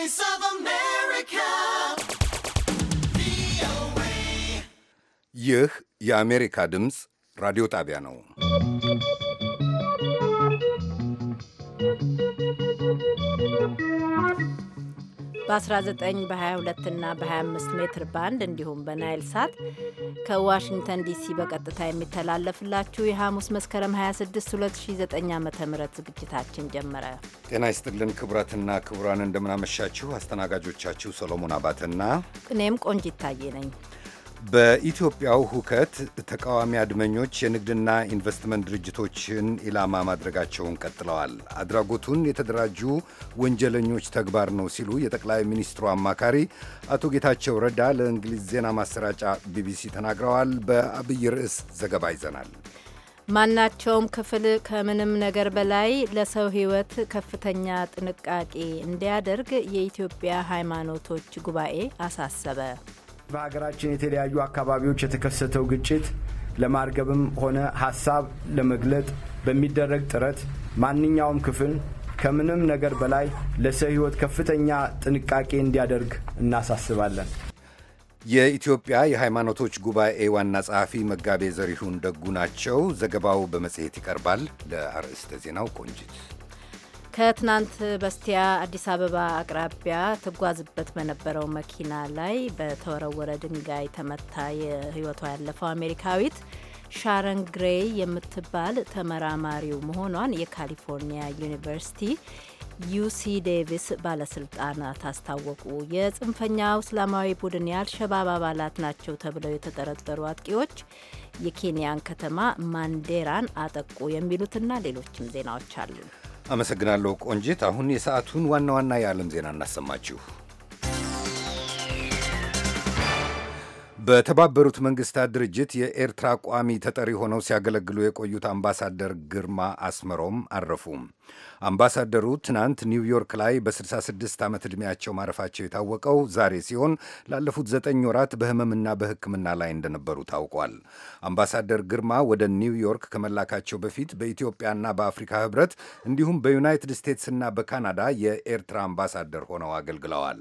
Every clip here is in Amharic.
voice of America. VOA. radio የአሜሪካ በ19 በ22 እና በ25 ሜትር ባንድ እንዲሁም በናይል ሳት ከዋሽንግተን ዲሲ በቀጥታ የሚተላለፍላችሁ የሐሙስ መስከረም 26 2009 ዓ ም ዝግጅታችን ጀመረ። ጤና ይስጥልን ክቡራትና ክቡራን እንደምናመሻችሁ። አስተናጋጆቻችሁ ሰሎሞን አባተና እኔም ቆንጂት ታዬ ነኝ። በኢትዮጵያው ሁከት ተቃዋሚ አድመኞች የንግድና ኢንቨስትመንት ድርጅቶችን ኢላማ ማድረጋቸውን ቀጥለዋል። አድራጎቱን የተደራጁ ወንጀለኞች ተግባር ነው ሲሉ የጠቅላይ ሚኒስትሩ አማካሪ አቶ ጌታቸው ረዳ ለእንግሊዝ ዜና ማሰራጫ ቢቢሲ ተናግረዋል። በአብይ ርዕስ ዘገባ ይዘናል። ማናቸውም ክፍል ከምንም ነገር በላይ ለሰው ሕይወት ከፍተኛ ጥንቃቄ እንዲያደርግ የኢትዮጵያ ሃይማኖቶች ጉባኤ አሳሰበ። በሀገራችን የተለያዩ አካባቢዎች የተከሰተው ግጭት ለማርገብም ሆነ ሀሳብ ለመግለጥ በሚደረግ ጥረት ማንኛውም ክፍል ከምንም ነገር በላይ ለሰው ሕይወት ከፍተኛ ጥንቃቄ እንዲያደርግ እናሳስባለን። የኢትዮጵያ የሃይማኖቶች ጉባኤ ዋና ጸሐፊ መጋቤ ዘሪሁን ደጉ ናቸው። ዘገባው በመጽሔት ይቀርባል። ለአርዕስተ ዜናው ቆንጅት ከትናንት በስቲያ አዲስ አበባ አቅራቢያ ትጓዝበት በነበረው መኪና ላይ በተወረወረ ድንጋይ ተመታ የሕይወቷ ያለፈው አሜሪካዊት ሻረን ግሬይ የምትባል ተመራማሪው መሆኗን የካሊፎርኒያ ዩኒቨርሲቲ ዩሲ ዴቪስ ባለስልጣናት አስታወቁ። የጽንፈኛው እስላማዊ ቡድን የአልሸባብ አባላት ናቸው ተብለው የተጠረጠሩ አጥቂዎች የኬንያን ከተማ ማንዴራን አጠቁ የሚሉትና ሌሎችም ዜናዎች አሉ። አመሰግናለሁ ቆንጂት። አሁን የሰዓቱን ዋና ዋና የዓለም ዜና እናሰማችሁ። በተባበሩት መንግስታት ድርጅት የኤርትራ ቋሚ ተጠሪ ሆነው ሲያገለግሉ የቆዩት አምባሳደር ግርማ አስመሮም አረፉ። አምባሳደሩ ትናንት ኒውዮርክ ላይ በ66 ዓመት ዕድሜያቸው ማረፋቸው የታወቀው ዛሬ ሲሆን ላለፉት ዘጠኝ ወራት በህመምና በሕክምና ላይ እንደነበሩ ታውቋል። አምባሳደር ግርማ ወደ ኒውዮርክ ከመላካቸው በፊት በኢትዮጵያና በአፍሪካ ህብረት እንዲሁም በዩናይትድ ስቴትስና በካናዳ የኤርትራ አምባሳደር ሆነው አገልግለዋል።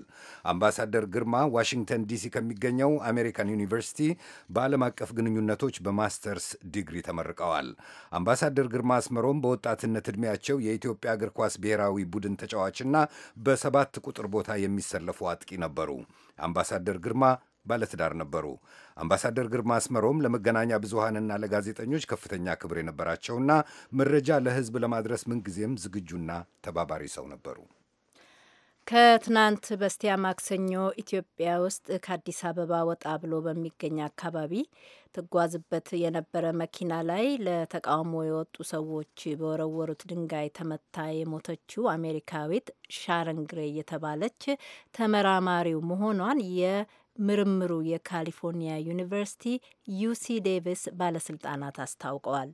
አምባሳደር ግርማ ዋሽንግተን ዲሲ ከሚገኘው አሜሪካን ዩኒቨርሲቲ በዓለም አቀፍ ግንኙነቶች በማስተርስ ዲግሪ ተመርቀዋል። አምባሳደር ግርማ አስመሮም በወጣትነት ዕድሜያቸው የኢትዮጵያ እግር ኳስ ብሔራዊ ቡድን ተጫዋችና በሰባት ቁጥር ቦታ የሚሰለፉ አጥቂ ነበሩ። አምባሳደር ግርማ ባለትዳር ነበሩ። አምባሳደር ግርማ አስመሮም ለመገናኛ ብዙሃንና ለጋዜጠኞች ከፍተኛ ክብር የነበራቸውና መረጃ ለሕዝብ ለማድረስ ምንጊዜም ዝግጁና ተባባሪ ሰው ነበሩ። ከትናንት በስቲያ ማክሰኞ ኢትዮጵያ ውስጥ ከአዲስ አበባ ወጣ ብሎ በሚገኝ አካባቢ ትጓዝበት የነበረ መኪና ላይ ለተቃውሞ የወጡ ሰዎች በወረወሩት ድንጋይ ተመታ የሞተችው አሜሪካዊት ሻረን ግሬ የተባለች ተመራማሪው መሆኗን ምርምሩ የካሊፎርኒያ ዩኒቨርሲቲ ዩሲ ዴቪስ ባለስልጣናት አስታውቀዋል።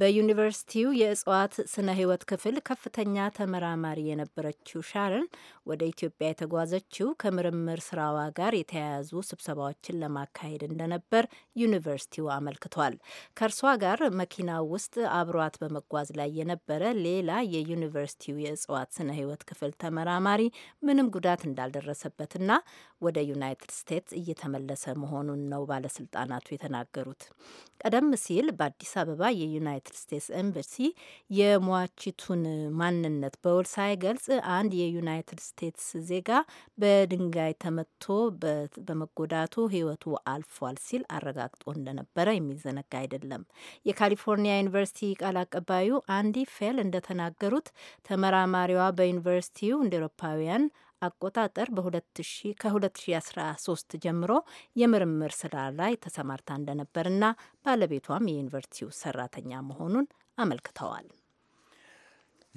በዩኒቨርሲቲው የእጽዋት ስነ ህይወት ክፍል ከፍተኛ ተመራማሪ የነበረችው ሻርን ወደ ኢትዮጵያ የተጓዘችው ከምርምር ስራዋ ጋር የተያያዙ ስብሰባዎችን ለማካሄድ እንደነበር ዩኒቨርሲቲው አመልክቷል። ከእርሷ ጋር መኪና ውስጥ አብሯት በመጓዝ ላይ የነበረ ሌላ የዩኒቨርሲቲው የእጽዋት ስነ ህይወት ክፍል ተመራማሪ ምንም ጉዳት እንዳልደረሰበትና ወደ ዩናይትድ ስቴትስ ገጽ እየተመለሰ መሆኑን ነው ባለስልጣናቱ የተናገሩት። ቀደም ሲል በአዲስ አበባ የዩናይትድ ስቴትስ ኤምበሲ የሟቺቱን ማንነት በውል ሳይገልጽ አንድ የዩናይትድ ስቴትስ ዜጋ በድንጋይ ተመቶ በመጎዳቱ ሕይወቱ አልፏል ሲል አረጋግጦ እንደነበረ የሚዘነጋ አይደለም። የካሊፎርኒያ ዩኒቨርሲቲ ቃል አቀባዩ አንዲ ፌል እንደተናገሩት ተመራማሪዋ በዩኒቨርሲቲው እንደ ኤሮፓውያን አቆጣጠር በ ከ2013 ጀምሮ የምርምር ስራ ላይ ተሰማርታ እንደነበርና ባለቤቷም የዩኒቨርሲቲው ሰራተኛ መሆኑን አመልክተዋል።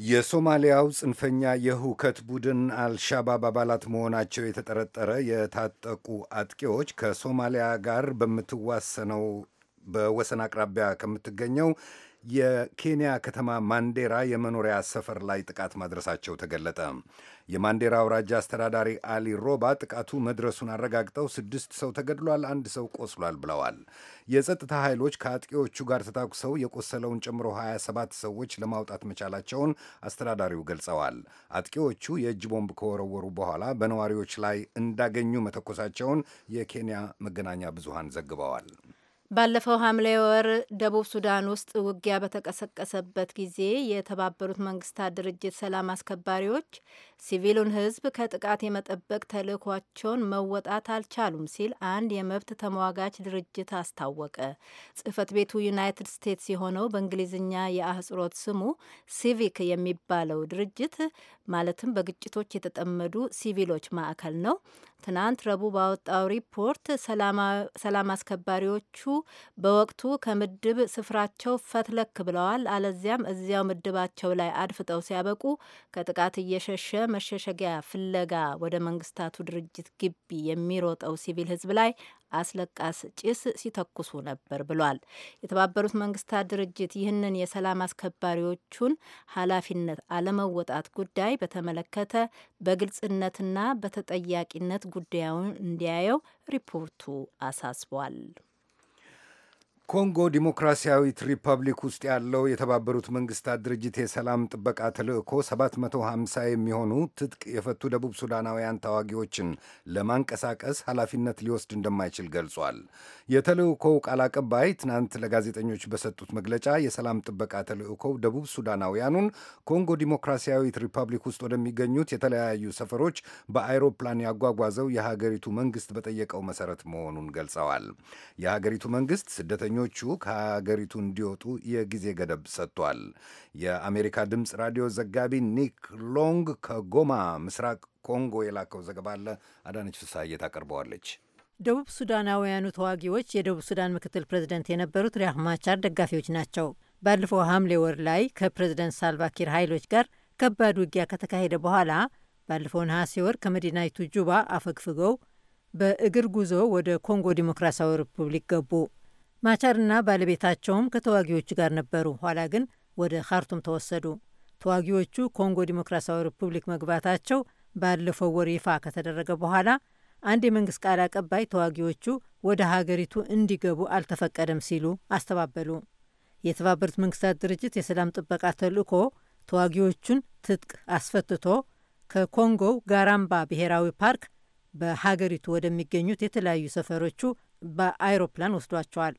የሶማሊያው ጽንፈኛ የሁከት ቡድን አልሻባብ አባላት መሆናቸው የተጠረጠረ የታጠቁ አጥቂዎች ከሶማሊያ ጋር በምትዋሰነው በወሰን አቅራቢያ ከምትገኘው የኬንያ ከተማ ማንዴራ የመኖሪያ ሰፈር ላይ ጥቃት ማድረሳቸው ተገለጠ። የማንዴራ አውራጃ አስተዳዳሪ አሊ ሮባ ጥቃቱ መድረሱን አረጋግጠው ስድስት ሰው ተገድሏል፣ አንድ ሰው ቆስሏል ብለዋል። የጸጥታ ኃይሎች ከአጥቂዎቹ ጋር ተታኩሰው የቆሰለውን ጨምሮ 27 ሰዎች ለማውጣት መቻላቸውን አስተዳዳሪው ገልጸዋል። አጥቂዎቹ የእጅ ቦምብ ከወረወሩ በኋላ በነዋሪዎች ላይ እንዳገኙ መተኮሳቸውን የኬንያ መገናኛ ብዙሃን ዘግበዋል። ባለፈው ሐምሌ ወር ደቡብ ሱዳን ውስጥ ውጊያ በተቀሰቀሰበት ጊዜ የተባበሩት መንግስታት ድርጅት ሰላም አስከባሪዎች ሲቪሉን ሕዝብ ከጥቃት የመጠበቅ ተልእኳቸውን መወጣት አልቻሉም ሲል አንድ የመብት ተሟጋች ድርጅት አስታወቀ። ጽህፈት ቤቱ ዩናይትድ ስቴትስ የሆነው በእንግሊዝኛ የአህጽሮት ስሙ ሲቪክ የሚባለው ድርጅት ማለትም በግጭቶች የተጠመዱ ሲቪሎች ማዕከል ነው። ትናንት ረቡዕ ባወጣው ሪፖርት ሰላም አስከባሪዎቹ በወቅቱ ከምድብ ስፍራቸው ፈትለክ ብለዋል፣ አለዚያም እዚያው ምድባቸው ላይ አድፍጠው ሲያበቁ ከጥቃት እየሸሸ መሸሸጊያ ፍለጋ ወደ መንግስታቱ ድርጅት ግቢ የሚሮጠው ሲቪል ህዝብ ላይ አስለቃስ ጭስ ሲተኩሱ ነበር ብሏል። የተባበሩት መንግስታት ድርጅት ይህንን የሰላም አስከባሪዎቹን ኃላፊነት አለመወጣት ጉዳይ በተመለከተ በግልጽነትና በተጠያቂነት ጉዳዩን እንዲያየው ሪፖርቱ አሳስቧል። ኮንጎ ዲሞክራሲያዊት ሪፐብሊክ ውስጥ ያለው የተባበሩት መንግስታት ድርጅት የሰላም ጥበቃ ተልእኮ 750 የሚሆኑ ትጥቅ የፈቱ ደቡብ ሱዳናውያን ታዋጊዎችን ለማንቀሳቀስ ኃላፊነት ሊወስድ እንደማይችል ገልጿል። የተልእኮው ቃል አቀባይ ትናንት ለጋዜጠኞች በሰጡት መግለጫ የሰላም ጥበቃ ተልእኮው ደቡብ ሱዳናውያኑን ኮንጎ ዲሞክራሲያዊት ሪፐብሊክ ውስጥ ወደሚገኙት የተለያዩ ሰፈሮች በአይሮፕላን ያጓጓዘው የሀገሪቱ መንግስት በጠየቀው መሰረት መሆኑን ገልጸዋል። የሀገሪቱ መንግስት ስደተኞ ስደተኞቹ ከሀገሪቱ እንዲወጡ የጊዜ ገደብ ሰጥቷል። የአሜሪካ ድምፅ ራዲዮ ዘጋቢ ኒክ ሎንግ ከጎማ ምስራቅ ኮንጎ የላከው ዘገባ አለ። አዳነች ፍስሐዬ ታቀርበዋለች። ደቡብ ሱዳናውያኑ ተዋጊዎች የደቡብ ሱዳን ምክትል ፕሬዚደንት የነበሩት ሪያክ ማቻር ደጋፊዎች ናቸው። ባለፈው ሐምሌ ወር ላይ ከፕሬዚደንት ሳልቫኪር ኃይሎች ጋር ከባድ ውጊያ ከተካሄደ በኋላ ባለፈው ነሐሴ ወር ከመዲናይቱ ጁባ አፈግፍገው በእግር ጉዞ ወደ ኮንጎ ዲሞክራሲያዊ ሪፑብሊክ ገቡ። ማቻርና ባለቤታቸውም ከተዋጊዎቹ ጋር ነበሩ። ኋላ ግን ወደ ካርቱም ተወሰዱ። ተዋጊዎቹ ኮንጎ ዲሞክራሲያዊ ሪፑብሊክ መግባታቸው ባለፈው ወር ይፋ ከተደረገ በኋላ አንድ የመንግስት ቃል አቀባይ ተዋጊዎቹ ወደ ሀገሪቱ እንዲገቡ አልተፈቀደም ሲሉ አስተባበሉ። የተባበሩት መንግስታት ድርጅት የሰላም ጥበቃ ተልእኮ ተዋጊዎቹን ትጥቅ አስፈትቶ ከኮንጎው ጋራምባ ብሔራዊ ፓርክ በሀገሪቱ ወደሚገኙት የተለያዩ ሰፈሮቹ በአይሮፕላን ወስዷቸዋል።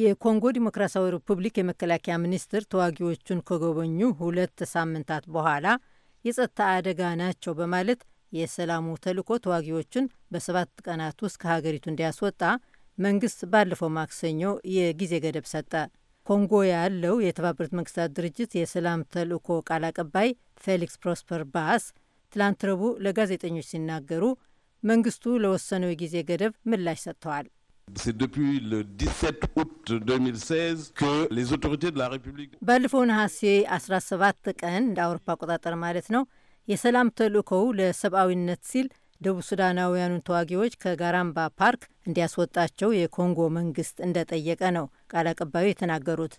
የኮንጎ ዲሞክራሲያዊ ሪፑብሊክ የመከላከያ ሚኒስትር ተዋጊዎቹን ከጎበኙ ሁለት ሳምንታት በኋላ የጸጥታ አደጋ ናቸው በማለት የሰላሙ ተልዕኮ ተዋጊዎቹን በሰባት ቀናት ውስጥ ከሀገሪቱ እንዲያስወጣ መንግስት ባለፈው ማክሰኞ የጊዜ ገደብ ሰጠ። ኮንጎ ያለው የተባበሩት መንግስታት ድርጅት የሰላም ተልዕኮ ቃል አቀባይ ፌሊክስ ፕሮስፐር ባስ ትላንት ረቡዕ ለጋዜጠኞች ሲናገሩ መንግስቱ ለወሰነው የጊዜ ገደብ ምላሽ ሰጥተዋል። C'est depuis le 17 août 2016 que les autorités de la République ባለፈው ነሐሴ 17 ቀን እንደ አውሮፓ አቆጣጠር ማለት ነው። የሰላም ተልእኮው ለሰብአዊነት ሲል ደቡብ ሱዳናውያኑን ተዋጊዎች ከጋራምባ ፓርክ እንዲያስወጣቸው የኮንጎ መንግስት እንደጠየቀ ነው ቃል አቀባዩ የተናገሩት።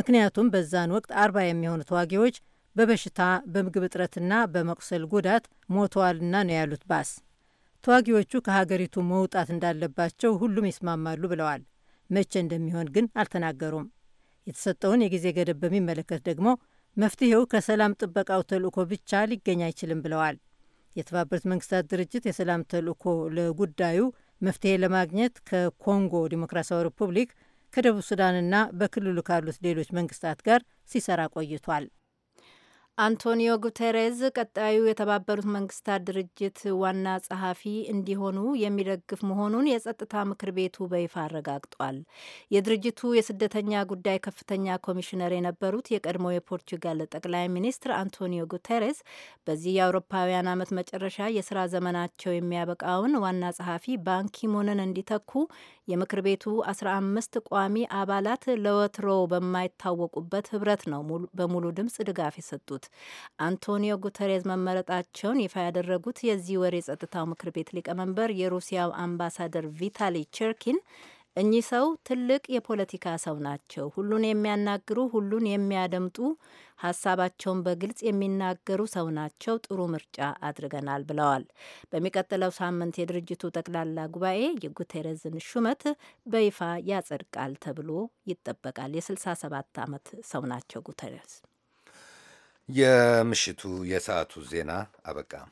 ምክንያቱም በዛን ወቅት አርባ የሚሆኑ ተዋጊዎች በበሽታ በምግብ እጥረትና በመቁሰል ጉዳት ሞተዋልና ነው ያሉት ባስ ተዋጊዎቹ ከሀገሪቱ መውጣት እንዳለባቸው ሁሉም ይስማማሉ ብለዋል። መቼ እንደሚሆን ግን አልተናገሩም። የተሰጠውን የጊዜ ገደብ በሚመለከት ደግሞ መፍትሄው ከሰላም ጥበቃው ተልእኮ ብቻ ሊገኝ አይችልም ብለዋል። የተባበሩት መንግስታት ድርጅት የሰላም ተልእኮ ለጉዳዩ መፍትሄ ለማግኘት ከኮንጎ ዲሞክራሲያዊ ሪፑብሊክ፣ ከደቡብ ሱዳንና በክልሉ ካሉት ሌሎች መንግስታት ጋር ሲሰራ ቆይቷል። አንቶኒዮ ጉተሬዝ ቀጣዩ የተባበሩት መንግስታት ድርጅት ዋና ጸሐፊ እንዲሆኑ የሚደግፍ መሆኑን የጸጥታ ምክር ቤቱ በይፋ አረጋግጧል። የድርጅቱ የስደተኛ ጉዳይ ከፍተኛ ኮሚሽነር የነበሩት የቀድሞ የፖርቹጋል ጠቅላይ ሚኒስትር አንቶኒዮ ጉተሬዝ በዚህ የአውሮፓውያን ዓመት መጨረሻ የስራ ዘመናቸው የሚያበቃውን ዋና ጸሐፊ ባንኪሙንን እንዲተኩ የምክር ቤቱ 15 ቋሚ አባላት ለወትሮ በማይታወቁበት ህብረት ነው በሙሉ ድምፅ ድጋፍ የሰጡት። አንቶኒዮ ጉተሬዝ መመረጣቸውን ይፋ ያደረጉት የዚህ ወር የጸጥታው ምክር ቤት ሊቀመንበር የሩሲያው አምባሳደር ቪታሊ ቸርኪን እኚህ ሰው ትልቅ የፖለቲካ ሰው ናቸው። ሁሉን የሚያናግሩ፣ ሁሉን የሚያደምጡ፣ ሀሳባቸውን በግልጽ የሚናገሩ ሰው ናቸው። ጥሩ ምርጫ አድርገናል ብለዋል። በሚቀጥለው ሳምንት የድርጅቱ ጠቅላላ ጉባኤ የጉቴረዝን ሹመት በይፋ ያጸድቃል ተብሎ ይጠበቃል። የ67 ዓመት ሰው ናቸው ጉቴረዝ። የምሽቱ የሰዓቱ ዜና አበቃ።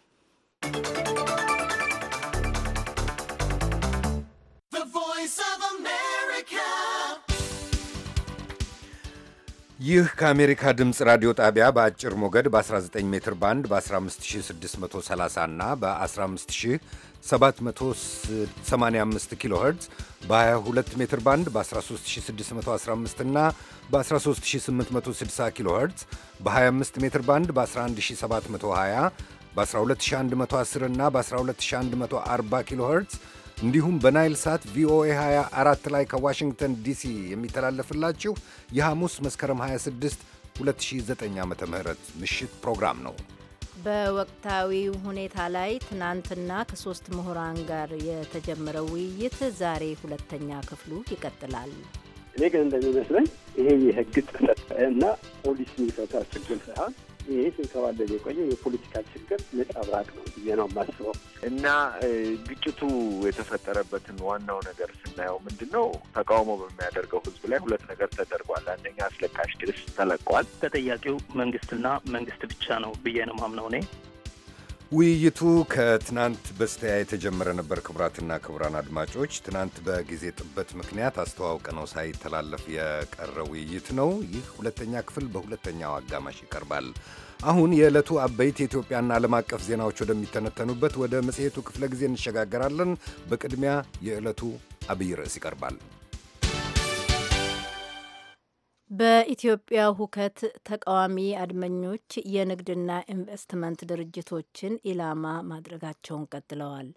ይህ ከአሜሪካ ድምፅ ራዲዮ ጣቢያ በአጭር ሞገድ በ19 ሜትር ባንድ በ15630 እና በ15785 ኪሎ ኸርትዝ በ22 ሜትር ባንድ በ13615 እና በ13860 ኪሎ ኸርትዝ በ25 ሜትር ባንድ በ11720 በ12110 እና በ12140 ኪሎ ኸርትዝ እንዲሁም በናይል ሳት ቪኦኤ 24 ላይ ከዋሽንግተን ዲሲ የሚተላለፍላችሁ የሐሙስ መስከረም 26 2009 ዓ ም ምሽት ፕሮግራም ነው። በወቅታዊ ሁኔታ ላይ ትናንትና ከሶስት ምሁራን ጋር የተጀመረው ውይይት ዛሬ ሁለተኛ ክፍሉ ይቀጥላል። እኔ ግን እንደሚመስለኝ ይሄ የህግ ጥሰት እና ፖሊስ የሚፈታ ችግር ሳይሆን ይሄ ስብሰባ የቆየው የፖለቲካ ችግር ነጸብራቅ ነው ብዬ ነው የማስበው እና ግጭቱ የተፈጠረበትን ዋናው ነገር ስናየው ምንድን ነው ተቃውሞ በሚያደርገው ህዝብ ላይ ሁለት ነገር ተደርጓል። አንደኛ አስለቃሽ ድርስ ተለቋል። ተጠያቂው መንግስትና መንግስት ብቻ ነው ብዬ ነው ማምነው እኔ ውይይቱ ከትናንት በስቲያ የተጀመረ ነበር። ክቡራትና ክቡራን አድማጮች ትናንት በጊዜ ጥበት ምክንያት ነው ሳይተላለፍ የቀረ ውይይት ነው። ይህ ሁለተኛ ክፍል በሁለተኛው አጋማሽ ይቀርባል። አሁን የዕለቱ አበይት የኢትዮጵያና ዓለም አቀፍ ዜናዎች ወደሚተነተኑበት ወደ መጽሔቱ ክፍለ ጊዜ እንሸጋገራለን። በቅድሚያ የዕለቱ አብይ ርዕስ ይቀርባል። በኢትዮጵያ ሁከት ተቃዋሚ አድመኞች የንግድና ኢንቨስትመንት ድርጅቶችን ኢላማ ማድረጋቸውን ቀጥለዋል።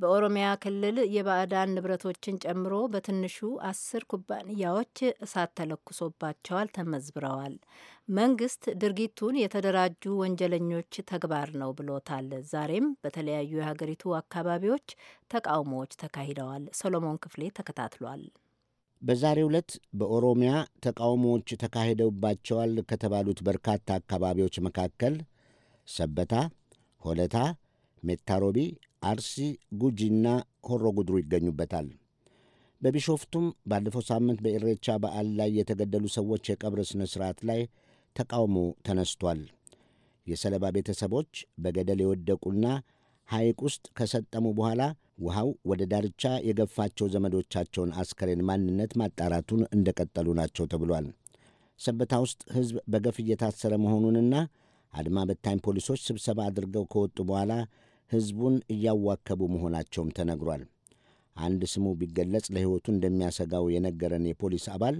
በኦሮሚያ ክልል የባዕዳን ንብረቶችን ጨምሮ በትንሹ አስር ኩባንያዎች እሳት ተለኩሶባቸዋል፣ ተመዝብረዋል። መንግስት ድርጊቱን የተደራጁ ወንጀለኞች ተግባር ነው ብሎታል። ዛሬም በተለያዩ የሀገሪቱ አካባቢዎች ተቃውሞዎች ተካሂደዋል። ሰሎሞን ክፍሌ ተከታትሏል። በዛሬ ዕለት በኦሮሚያ ተቃውሞዎች ተካሂደውባቸዋል ከተባሉት በርካታ አካባቢዎች መካከል ሰበታ፣ ሆለታ፣ ሜታሮቢ፣ አርሲ፣ ጉጂና ሆሮ ጉድሩ ይገኙበታል። በቢሾፍቱም ባለፈው ሳምንት በኢሬቻ በዓል ላይ የተገደሉ ሰዎች የቀብር ሥነ ሥርዓት ላይ ተቃውሞ ተነስቷል። የሰለባ ቤተሰቦች በገደል የወደቁና ሐይቅ ውስጥ ከሰጠሙ በኋላ ውሃው ወደ ዳርቻ የገፋቸው ዘመዶቻቸውን አስከሬን ማንነት ማጣራቱን እንደቀጠሉ ናቸው ተብሏል። ሰበታ ውስጥ ሕዝብ በገፍ እየታሰረ መሆኑንና አድማ በታኝ ፖሊሶች ስብሰባ አድርገው ከወጡ በኋላ ሕዝቡን እያዋከቡ መሆናቸውም ተነግሯል። አንድ ስሙ ቢገለጽ ለሕይወቱ እንደሚያሰጋው የነገረን የፖሊስ አባል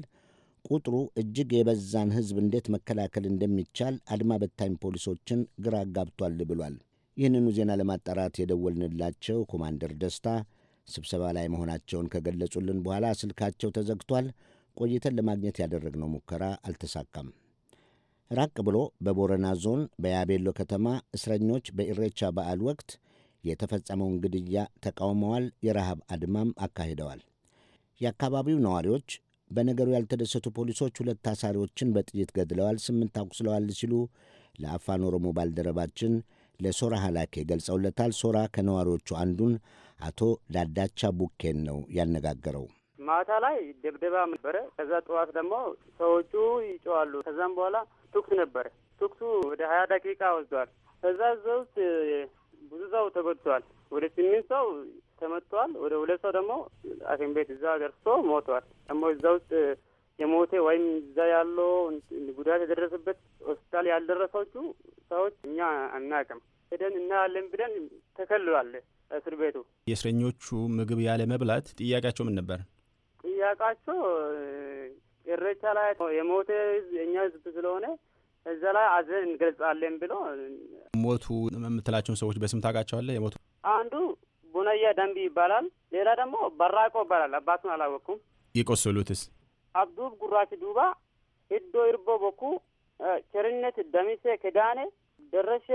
ቁጥሩ እጅግ የበዛን ሕዝብ እንዴት መከላከል እንደሚቻል አድማ በታኝ ፖሊሶችን ግራ አጋብቷል ብሏል። ይህንኑ ዜና ለማጣራት የደወልንላቸው ኮማንደር ደስታ ስብሰባ ላይ መሆናቸውን ከገለጹልን በኋላ ስልካቸው ተዘግቷል። ቆይተን ለማግኘት ያደረግነው ሙከራ አልተሳካም። ራቅ ብሎ በቦረና ዞን በያቤሎ ከተማ እስረኞች በኢሬቻ በዓል ወቅት የተፈጸመውን ግድያ ተቃውመዋል። የረሃብ አድማም አካሂደዋል። የአካባቢው ነዋሪዎች በነገሩ ያልተደሰቱ ፖሊሶች ሁለት ታሳሪዎችን በጥይት ገድለዋል፣ ስምንት አቁስለዋል ሲሉ ለአፋን ኦሮሞ ባልደረባችን ለሶራ ሀላኬ ገልጸውለታል። ሶራ ከነዋሪዎቹ አንዱን አቶ ዳዳቻ ቡኬን ነው ያነጋገረው። ማታ ላይ ደብደባ ነበረ። ከዛ ጠዋት ደግሞ ሰዎቹ ይጮዋሉ። ከዛም በኋላ ትኩስ ነበረ። ትኩሱ ወደ ሀያ ደቂቃ ወስዷል። ከዛ እዛ ውስጥ ብዙ ሰው ተጎድተዋል። ወደ ስምንት ሰው ተመትቷል። ወደ ሁለት ሰው ደግሞ ሐኪም ቤት እዛ ደርሶ ሞቷል። ደግሞ እዛ ውስጥ የሞቴ ወይም እዛ ያለው ጉዳት የደረሰበት ሆስፒታል ያልደረሰዎቹ ሰዎች እኛ አናቅም። ሄደን እናያለን ብለን ተከልሏል እስር ቤቱ። የእስረኞቹ ምግብ ያለ መብላት ጥያቄያቸው ምን ነበር? ጥያቄያቸው ኢሬቻ ላይ የሞተ የእኛ ህዝብ ስለሆነ እዛ ላይ አዘን እንገልጻለን ብሎ ሞቱ የምትላቸውን ሰዎች በስም ታውቃቸዋለህ? የሞቱ አንዱ ቡነያ ደንቢ ይባላል። ሌላ ደግሞ በራቆ ይባላል። አባቱን አላወቅኩም። የቆሰሉትስ አብዱብ ጉራች ዱባ ሂዶ ይርቦ በኩ ቸርነት ደሚሴ ክዳኔ ደረሼ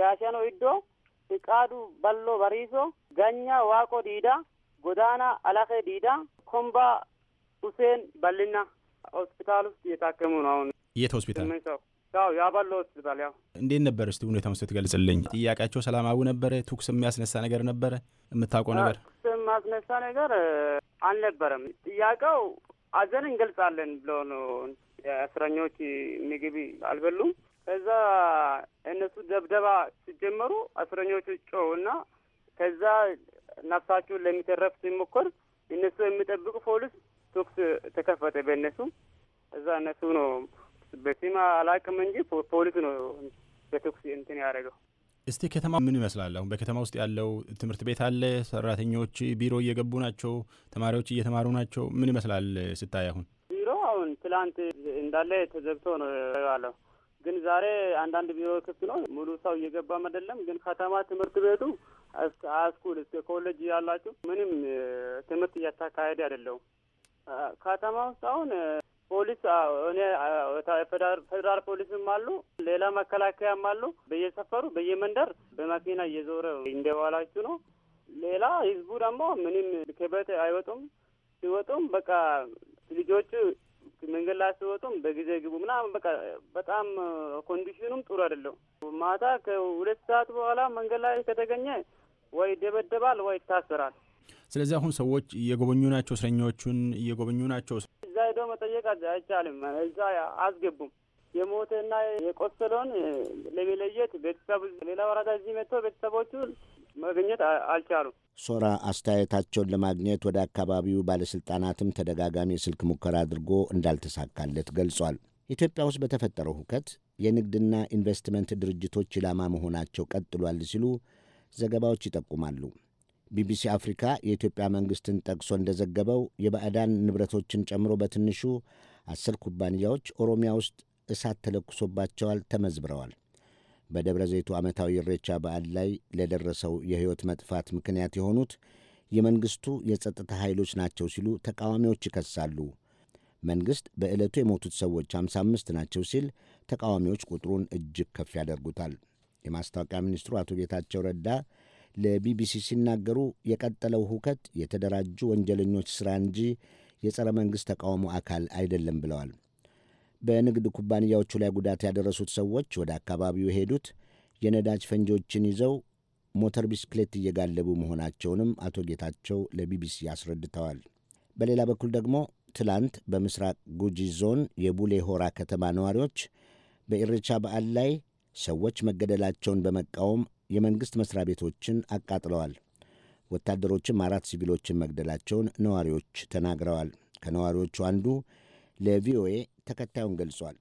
ያሸኖ ሂዶ ፍቃዱ በሎ በሪሶ ገኛ ዋቆ ዲዳ ጎዳና አላኸ ዲዳ ኮምባ ሁሴን በልና ሆስፒታል ውስጥ እየታከሙ ነው። አሁን የት ሆስፒታል? ያው ያባሎ ሆስፒታል። ያው እንዴት ነበር እስቲ ሁኔታውን ስትገልጽልኝ? ጥያቄያቸው ሰላማዊ ነበረ? ትኩስ የሚያስነሳ ነገር ነበረ? የምታውቀው ነገር ትኩስ የሚያስነሳ ነገር አልነበረም። ጥያቄው አዘን እንገልጻለን ብሎ ነው የእስረኞች ምግብ አልበሉም። ከዛ እነሱ ደብደባ ሲጀመሩ እስረኞቹ ጮው እና ከዛ ነፍሳቸውን ለሚተረፍ ሲሞከር እነሱ የሚጠብቁ ፖሊስ ተኩስ ተከፈተ በእነሱ። እዛ እነሱ ነው በሲማ አላቅም እንጂ ፖሊስ ነው በተኩስ እንትን ያደረገው። እስቲ ከተማ ምን ይመስላል? አሁን በከተማ ውስጥ ያለው ትምህርት ቤት አለ፣ ሰራተኞች ቢሮ እየገቡ ናቸው፣ ተማሪዎች እየተማሩ ናቸው። ምን ይመስላል ስታይ? አሁን ቢሮ አሁን ትላንት እንዳለ ተዘግቶ ነው ያለው፣ ግን ዛሬ አንዳንድ ቢሮ ክፍት ነው። ሙሉ ሰው እየገባም አይደለም። ግን ከተማ ትምህርት ቤቱ እስከ ሃይስኩል እስከ ኮሌጅ ያላችሁ ምንም ትምህርት እያታካሄደ አይደለው ከተማ ውስጥ አሁን ፖሊስ እኔ ፌዴራል ፖሊስም አሉ፣ ሌላ መከላከያም አሉ። በየሰፈሩ በየመንደር በመኪና እየዞረ እንደዋላችሁ ነው። ሌላ ህዝቡ ደግሞ ምንም ከቤት አይወጡም። ሲወጡም በቃ ልጆቹ መንገድ ላይ ሲወጡም በጊዜ ግቡ ምናምን በቃ በጣም ኮንዲሽኑም ጥሩ አይደለም። ማታ ከሁለት ሰዓት በኋላ መንገድ ላይ ከተገኘ ወይ ደበደባል ወይ ይታሰራል። ስለዚህ አሁን ሰዎች እየጎበኙ ናቸው፣ እስረኞቹን እየጎበኙ ናቸው። ሄዶ መጠየቅ አይቻልም። እዛ አስገቡም። የሞተና የቆሰለውን ለመለየት ቤተሰብ ሌላ ወረዳ እዚህ መጥቶ ቤተሰቦቹ ማግኘት አልቻሉም። ሶራ አስተያየታቸውን ለማግኘት ወደ አካባቢው ባለሥልጣናትም ተደጋጋሚ የስልክ ሙከራ አድርጎ እንዳልተሳካለት ገልጿል። ኢትዮጵያ ውስጥ በተፈጠረው ሁከት የንግድና ኢንቨስትመንት ድርጅቶች ኢላማ መሆናቸው ቀጥሏል ሲሉ ዘገባዎች ይጠቁማሉ። ቢቢሲ አፍሪካ የኢትዮጵያ መንግሥትን ጠቅሶ እንደዘገበው የባዕዳን ንብረቶችን ጨምሮ በትንሹ አስር ኩባንያዎች ኦሮሚያ ውስጥ እሳት ተለኩሶባቸዋል፣ ተመዝብረዋል። በደብረ ዘይቱ ዓመታዊ እሬቻ በዓል ላይ ለደረሰው የሕይወት መጥፋት ምክንያት የሆኑት የመንግሥቱ የጸጥታ ኃይሎች ናቸው ሲሉ ተቃዋሚዎች ይከሳሉ። መንግሥት በዕለቱ የሞቱት ሰዎች 55 ናቸው ሲል ተቃዋሚዎች ቁጥሩን እጅግ ከፍ ያደርጉታል። የማስታወቂያ ሚኒስትሩ አቶ ጌታቸው ረዳ ለቢቢሲ ሲናገሩ የቀጠለው ሁከት የተደራጁ ወንጀለኞች ሥራ እንጂ የጸረ መንግሥት ተቃውሞ አካል አይደለም ብለዋል። በንግድ ኩባንያዎቹ ላይ ጉዳት ያደረሱት ሰዎች ወደ አካባቢው የሄዱት የነዳጅ ፈንጂዎችን ይዘው ሞተር ቢስክሌት እየጋለቡ መሆናቸውንም አቶ ጌታቸው ለቢቢሲ አስረድተዋል። በሌላ በኩል ደግሞ ትላንት በምስራቅ ጉጂ ዞን የቡሌ ሆራ ከተማ ነዋሪዎች በኢሬቻ በዓል ላይ ሰዎች መገደላቸውን በመቃወም የመንግሥት መሥሪያ ቤቶችን አቃጥለዋል። ወታደሮችም አራት ሲቪሎችን መግደላቸውን ነዋሪዎች ተናግረዋል። ከነዋሪዎቹ አንዱ ለቪኦኤ ተከታዩን ገልጿል።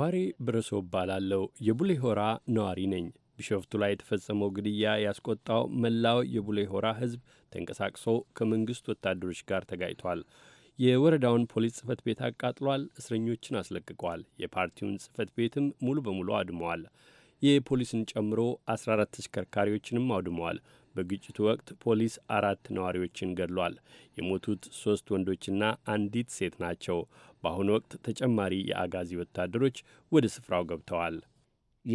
ዋሬ ብረሶ እባላለሁ። የቡሌ ሆራ ነዋሪ ነኝ። ቢሾፍቱ ላይ የተፈጸመው ግድያ ያስቆጣው መላው የቡሌ ሆራ ሕዝብ ተንቀሳቅሶ ከመንግሥት ወታደሮች ጋር ተጋጭቷል። የወረዳውን ፖሊስ ጽህፈት ቤት አቃጥሏል፣ እስረኞችን አስለቅቀዋል። የፓርቲውን ጽህፈት ቤትም ሙሉ በሙሉ አውድመዋል። የፖሊስን ጨምሮ 14 ተሽከርካሪዎችንም አውድመዋል። በግጭቱ ወቅት ፖሊስ አራት ነዋሪዎችን ገድሏል። የሞቱት ሶስት ወንዶችና አንዲት ሴት ናቸው። በአሁኑ ወቅት ተጨማሪ የአጋዚ ወታደሮች ወደ ስፍራው ገብተዋል።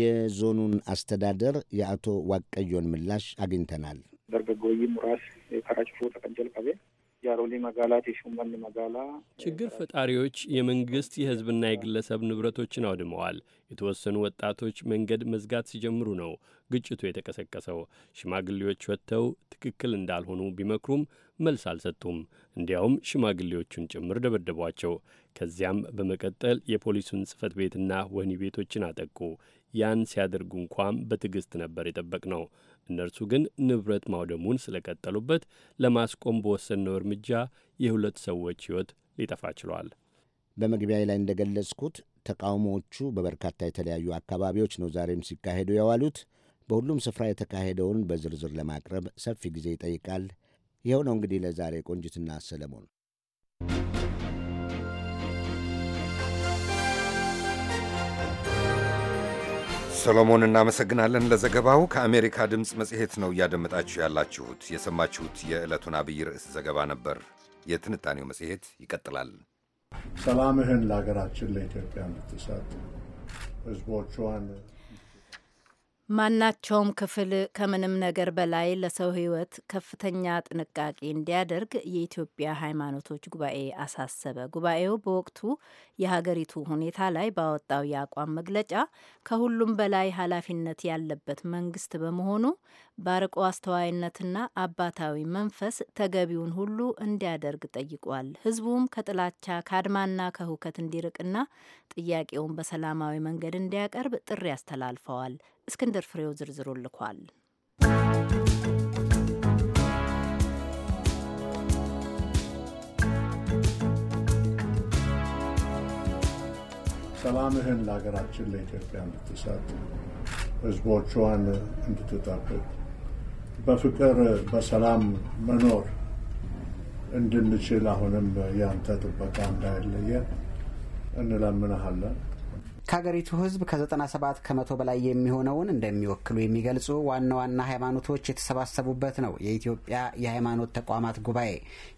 የዞኑን አስተዳደር የአቶ ዋቀዮን ምላሽ አግኝተናል። የአሮሊ መጋላ ቴሹመል መጋላ ችግር ፈጣሪዎች የመንግስት የህዝብና የግለሰብ ንብረቶችን አውድመዋል። የተወሰኑ ወጣቶች መንገድ መዝጋት ሲጀምሩ ነው ግጭቱ የተቀሰቀሰው። ሽማግሌዎች ወጥተው ትክክል እንዳልሆኑ ቢመክሩም መልስ አልሰጡም። እንዲያውም ሽማግሌዎቹን ጭምር ደበደቧቸው። ከዚያም በመቀጠል የፖሊሱን ጽህፈት ቤትና ወህኒ ቤቶችን አጠቁ። ያን ሲያደርጉ እንኳም በትዕግሥት ነበር የጠበቅ ነው። እነርሱ ግን ንብረት ማውደሙን ስለቀጠሉበት ለማስቆም በወሰንነው እርምጃ የሁለት ሰዎች ሕይወት ሊጠፋ ችሏል። በመግቢያ ላይ እንደገለጽኩት ተቃውሞዎቹ በበርካታ የተለያዩ አካባቢዎች ነው ዛሬም ሲካሄዱ የዋሉት። በሁሉም ስፍራ የተካሄደውን በዝርዝር ለማቅረብ ሰፊ ጊዜ ይጠይቃል። ይኸው ነው እንግዲህ ለዛሬ ቆንጅትና ሰለሞን ሰሎሞን እናመሰግናለን ለዘገባው። ከአሜሪካ ድምፅ መጽሔት ነው እያደመጣችሁ ያላችሁት። የሰማችሁት የዕለቱን አብይ ርዕስ ዘገባ ነበር። የትንታኔው መጽሔት ይቀጥላል። ሰላምህን ለሀገራችን ለኢትዮጵያ የምትሰጥ ህዝቦቿን ማናቸውም ክፍል ከምንም ነገር በላይ ለሰው ሕይወት ከፍተኛ ጥንቃቄ እንዲያደርግ የኢትዮጵያ ሃይማኖቶች ጉባኤ አሳሰበ። ጉባኤው በወቅቱ የሀገሪቱ ሁኔታ ላይ ባወጣው የአቋም መግለጫ ከሁሉም በላይ ኃላፊነት ያለበት መንግስት በመሆኑ ባርቆ አስተዋይነትና አባታዊ መንፈስ ተገቢውን ሁሉ እንዲያደርግ ጠይቋል። ህዝቡም ከጥላቻ ከአድማና ከሁከት እንዲርቅና ጥያቄውን በሰላማዊ መንገድ እንዲያቀርብ ጥሪ አስተላልፈዋል። እስክንድር ፍሬው ዝርዝሩ ልኳል። ሰላምህን ለሀገራችን ለኢትዮጵያ እንድትሰጥ ህዝቦቿን እንድትጠብቅ በፍቅር በሰላም መኖር እንድንችል አሁንም ያንተ ጥበቃ እንዳይለየ እንለምንሃለን። ከሀገሪቱ ህዝብ ከ97 ከመቶ በላይ የሚሆነውን እንደሚወክሉ የሚገልጹ ዋና ዋና ሃይማኖቶች የተሰባሰቡበት ነው የኢትዮጵያ የሃይማኖት ተቋማት ጉባኤ።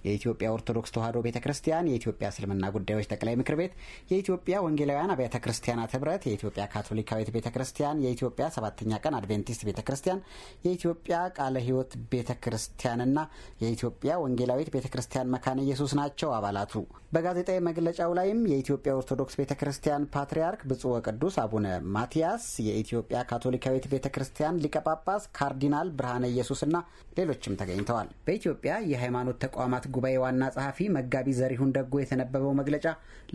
የኢትዮጵያ ኦርቶዶክስ ተዋህዶ ቤተ ክርስቲያን፣ የኢትዮጵያ እስልምና ጉዳዮች ጠቅላይ ምክር ቤት፣ የኢትዮጵያ ወንጌላውያን አብያተ ክርስቲያናት ህብረት፣ የኢትዮጵያ ካቶሊካዊት ቤተ ክርስቲያን፣ የኢትዮጵያ ሰባተኛ ቀን አድቬንቲስት ቤተ ክርስቲያን፣ የኢትዮጵያ ቃለ ህይወት ቤተ ክርስቲያንና የኢትዮጵያ ወንጌላዊት ቤተ ክርስቲያን መካነ ኢየሱስ ናቸው አባላቱ። በጋዜጣዊ መግለጫው ላይም የኢትዮጵያ ኦርቶዶክስ ቤተ ክርስቲያን ፓትርያርክ ብፁዕ ወቅዱስ አቡነ ማቲያስ፣ የኢትዮጵያ ካቶሊካዊት ቤተ ክርስቲያን ሊቀ ጳጳስ ካርዲናል ብርሃነ ኢየሱስና ሌሎችም ተገኝተዋል። በኢትዮጵያ የሃይማኖት ተቋማት ጉባኤ ዋና ጸሐፊ መጋቢ ዘሪሁን ደጎ የተነበበው መግለጫ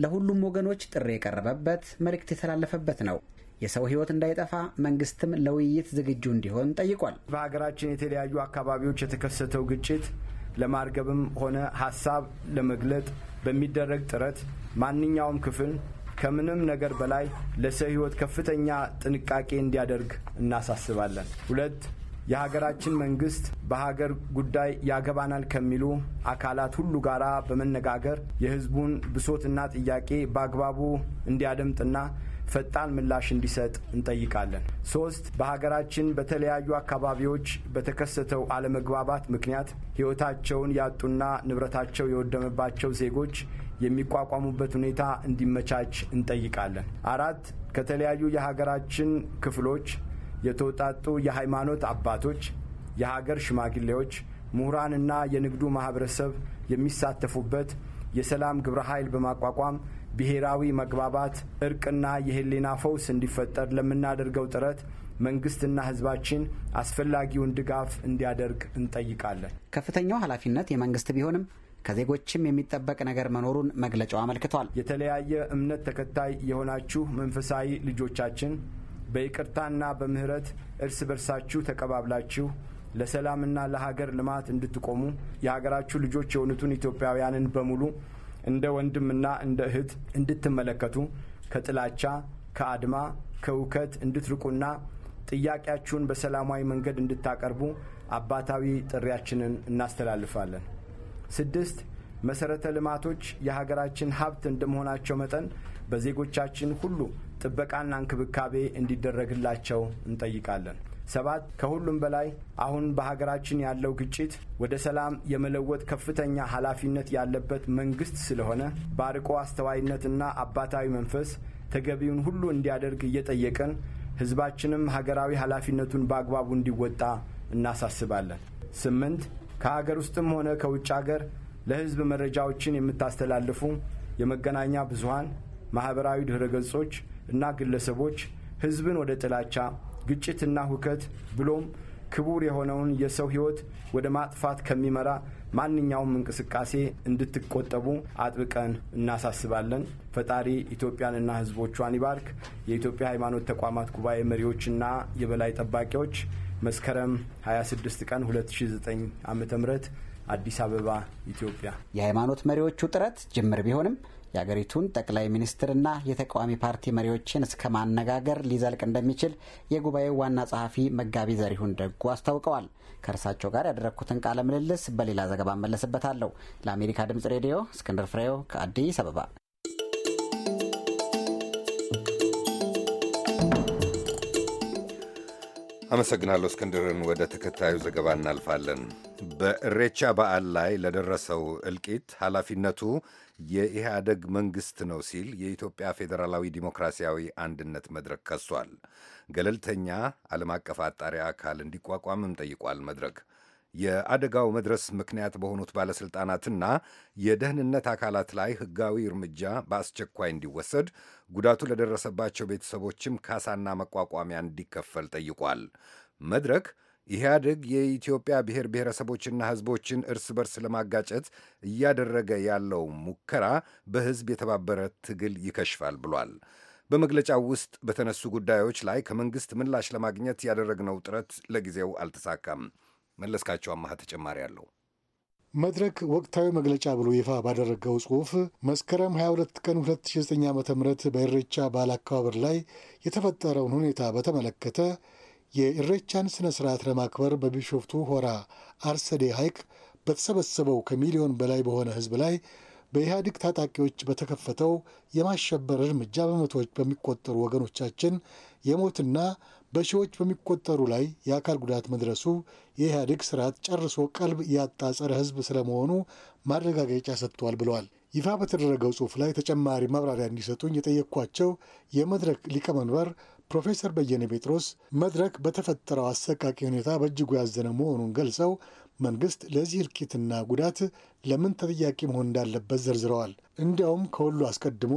ለሁሉም ወገኖች ጥሪ የቀረበበት መልእክት የተላለፈበት ነው። የሰው ሕይወት እንዳይጠፋ መንግስትም ለውይይት ዝግጁ እንዲሆን ጠይቋል። በሀገራችን የተለያዩ አካባቢዎች የተከሰተው ግጭት ለማርገብም ሆነ ሀሳብ ለመግለጥ በሚደረግ ጥረት ማንኛውም ክፍል ከምንም ነገር በላይ ለሰው ሕይወት ከፍተኛ ጥንቃቄ እንዲያደርግ እናሳስባለን። ሁለት የሀገራችን መንግስት በሀገር ጉዳይ ያገባናል ከሚሉ አካላት ሁሉ ጋራ በመነጋገር የህዝቡን ብሶትና ጥያቄ በአግባቡ እንዲያደምጥና ፈጣን ምላሽ እንዲሰጥ እንጠይቃለን። ሶስት በሀገራችን በተለያዩ አካባቢዎች በተከሰተው አለመግባባት ምክንያት ህይወታቸውን ያጡና ንብረታቸው የወደመባቸው ዜጎች የሚቋቋሙበት ሁኔታ እንዲመቻች እንጠይቃለን። አራት ከተለያዩ የሀገራችን ክፍሎች የተውጣጡ የሃይማኖት አባቶች፣ የሀገር ሽማግሌዎች፣ ምሁራንና የንግዱ ማህበረሰብ የሚሳተፉበት የሰላም ግብረ ኃይል በማቋቋም ብሔራዊ መግባባት፣ እርቅና የህሊና ፈውስ እንዲፈጠር ለምናደርገው ጥረት መንግስትና ህዝባችን አስፈላጊውን ድጋፍ እንዲያደርግ እንጠይቃለን። ከፍተኛው ኃላፊነት የመንግስት ቢሆንም ከዜጎችም የሚጠበቅ ነገር መኖሩን መግለጫው አመልክቷል። የተለያየ እምነት ተከታይ የሆናችሁ መንፈሳዊ ልጆቻችን በይቅርታና በምህረት እርስ በርሳችሁ ተቀባብላችሁ ለሰላምና ለሀገር ልማት እንድትቆሙ የሀገራችሁ ልጆች የሆኑትን ኢትዮጵያውያንን በሙሉ እንደ ወንድምና እንደ እህት እንድትመለከቱ ከጥላቻ፣ ከአድማ፣ ከውከት እንድትርቁና ጥያቄያችሁን በሰላማዊ መንገድ እንድታቀርቡ አባታዊ ጥሪያችንን እናስተላልፋለን። ስድስት መሰረተ ልማቶች የሀገራችን ሀብት እንደመሆናቸው መጠን በዜጎቻችን ሁሉ ጥበቃና እንክብካቤ እንዲደረግላቸው እንጠይቃለን። ሰባት ከሁሉም በላይ አሁን በሀገራችን ያለው ግጭት ወደ ሰላም የመለወጥ ከፍተኛ ኃላፊነት ያለበት መንግስት ስለሆነ በአርቆ አስተዋይነትና አባታዊ መንፈስ ተገቢውን ሁሉ እንዲያደርግ እየጠየቅን ህዝባችንም ሀገራዊ ኃላፊነቱን በአግባቡ እንዲወጣ እናሳስባለን። ስምንት ከአገር ውስጥም ሆነ ከውጭ አገር ለህዝብ መረጃዎችን የምታስተላልፉ የመገናኛ ብዙሃን፣ ማኅበራዊ ድኅረ ገጾች እና ግለሰቦች ህዝብን ወደ ጥላቻ፣ ግጭትና ሁከት ብሎም ክቡር የሆነውን የሰው ሕይወት ወደ ማጥፋት ከሚመራ ማንኛውም እንቅስቃሴ እንድትቆጠቡ አጥብቀን እናሳስባለን። ፈጣሪ ኢትዮጵያንና ህዝቦቿን ይባርክ። የኢትዮጵያ ሃይማኖት ተቋማት ጉባኤ መሪዎችና የበላይ ጠባቂዎች መስከረም 26 ቀን 2009 ዓ ም አዲስ አበባ ኢትዮጵያ። የሃይማኖት መሪዎቹ ጥረት ጅምር ቢሆንም የአገሪቱን ጠቅላይ ሚኒስትርና የተቃዋሚ ፓርቲ መሪዎችን እስከ ማነጋገር ሊዘልቅ እንደሚችል የጉባኤው ዋና ጸሐፊ መጋቢ ዘሪሁን ደጉ አስታውቀዋል። ከእርሳቸው ጋር ያደረግኩትን ቃለ ምልልስ በሌላ ዘገባ እመለስበታለሁ። ለአሜሪካ ድምጽ ሬዲዮ እስክንድር ፍሬው ከአዲስ አበባ አመሰግናለሁ እስክንድርን። ወደ ተከታዩ ዘገባ እናልፋለን። በእሬቻ በዓል ላይ ለደረሰው እልቂት ኃላፊነቱ የኢህአደግ መንግሥት ነው ሲል የኢትዮጵያ ፌዴራላዊ ዲሞክራሲያዊ አንድነት መድረክ ከሷል። ገለልተኛ ዓለም አቀፍ አጣሪ አካል እንዲቋቋምም ጠይቋል መድረክ የአደጋው መድረስ ምክንያት በሆኑት ባለሥልጣናትና የደህንነት አካላት ላይ ሕጋዊ እርምጃ በአስቸኳይ እንዲወሰድ፣ ጉዳቱ ለደረሰባቸው ቤተሰቦችም ካሳና መቋቋሚያ እንዲከፈል ጠይቋል። መድረክ ኢህአደግ የኢትዮጵያ ብሔር ብሔረሰቦችና ሕዝቦችን እርስ በርስ ለማጋጨት እያደረገ ያለው ሙከራ በሕዝብ የተባበረ ትግል ይከሽፋል ብሏል። በመግለጫው ውስጥ በተነሱ ጉዳዮች ላይ ከመንግሥት ምላሽ ለማግኘት ያደረግነው ጥረት ለጊዜው አልተሳካም። መለስካቸው አማሃ ተጨማሪ አለው። መድረክ ወቅታዊ መግለጫ ብሎ ይፋ ባደረገው ጽሁፍ መስከረም 22 ቀን 2009 ዓ ም በኢሬቻ በዓል አከባበር ላይ የተፈጠረውን ሁኔታ በተመለከተ የኢሬቻን ስነ ስርዓት ለማክበር በቢሾፍቱ ሆራ አርሰዴ ሐይቅ በተሰበሰበው ከሚሊዮን በላይ በሆነ ህዝብ ላይ በኢህአዴግ ታጣቂዎች በተከፈተው የማሸበር እርምጃ በመቶዎች በሚቆጠሩ ወገኖቻችን የሞትና በሺዎች በሚቆጠሩ ላይ የአካል ጉዳት መድረሱ የኢህአዴግ ስርዓት ጨርሶ ቀልብ ያጣ ህዝብ ስለመሆኑ ማረጋገጫ ሰጥቷል ብለዋል። ይፋ በተደረገው ጽሑፍ ላይ ተጨማሪ ማብራሪያ እንዲሰጡኝ የጠየቅኳቸው የመድረክ ሊቀመንበር ፕሮፌሰር በየነ ጴጥሮስ መድረክ በተፈጠረው አሰቃቂ ሁኔታ በእጅጉ ያዘነ መሆኑን ገልጸው መንግስት ለዚህ እልቂትና ጉዳት ለምን ተጠያቂ መሆን እንዳለበት ዘርዝረዋል። እንዲያውም ከሁሉ አስቀድሞ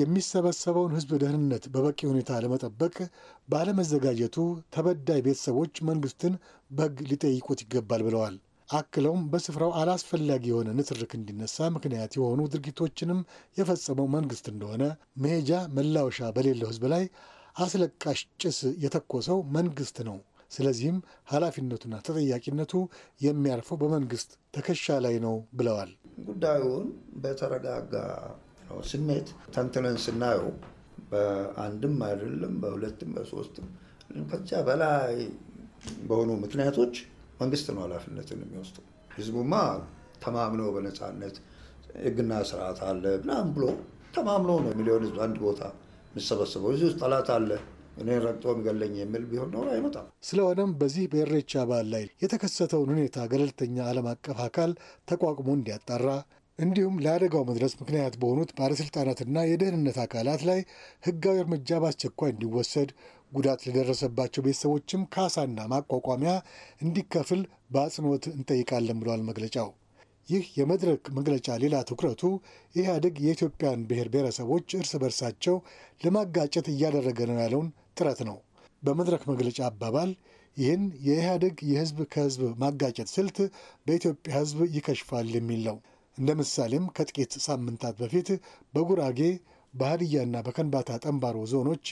የሚሰበሰበውን ህዝብ ደህንነት በበቂ ሁኔታ ለመጠበቅ ባለመዘጋጀቱ ተበዳይ ቤተሰቦች መንግስትን በሕግ ሊጠይቁት ይገባል ብለዋል። አክለውም በስፍራው አላስፈላጊ የሆነ ንትርክ እንዲነሳ ምክንያት የሆኑ ድርጊቶችንም የፈጸመው መንግስት እንደሆነ፣ መሄጃ መላወሻ በሌለው ህዝብ ላይ አስለቃሽ ጭስ የተኮሰው መንግስት ነው። ስለዚህም ኃላፊነቱና ተጠያቂነቱ የሚያርፈው በመንግስት ትከሻ ላይ ነው ብለዋል። ጉዳዩን በተረጋጋ ስሜት ተንትነን ስናየው በአንድም አይደለም በሁለትም በሶስትም ከዛ በላይ በሆኑ ምክንያቶች መንግስት ነው ኃላፊነትን የሚወስዱ። ህዝቡማ ተማምኖ በነፃነት ህግና ስርዓት አለ ምናምን ብሎ ተማምኖ ነው ሚሊዮን ህዝብ አንድ ቦታ የሚሰበሰበው። እዚህ ውስጥ ጠላት አለ እኔ ረግጦ የሚገለኝ የሚል ቢሆን ኖሮ አይመጣም። ስለሆነም በዚህ በኢሬቻ በዓል ላይ የተከሰተውን ሁኔታ ገለልተኛ ዓለም አቀፍ አካል ተቋቁሞ እንዲያጣራ እንዲሁም ለአደጋው መድረስ ምክንያት በሆኑት ባለሥልጣናትና የደህንነት አካላት ላይ ሕጋዊ እርምጃ በአስቸኳይ እንዲወሰድ ጉዳት ለደረሰባቸው ቤተሰቦችም ካሳና ማቋቋሚያ እንዲከፍል በአጽንኦት እንጠይቃለን ብሏል መግለጫው። ይህ የመድረክ መግለጫ ሌላ ትኩረቱ ኢህአዴግ የኢትዮጵያን ብሔር ብሔረሰቦች እርስ በርሳቸው ለማጋጨት እያደረገ ነው ያለውን ጥረት ነው። በመድረክ መግለጫ አባባል ይህን የኢህአዴግ የህዝብ ከህዝብ ማጋጨት ስልት በኢትዮጵያ ህዝብ ይከሽፋል የሚል ነው። እንደ ምሳሌም ከጥቂት ሳምንታት በፊት በጉራጌ በሀዲያና በከንባታ ጠንባሮ ዞኖች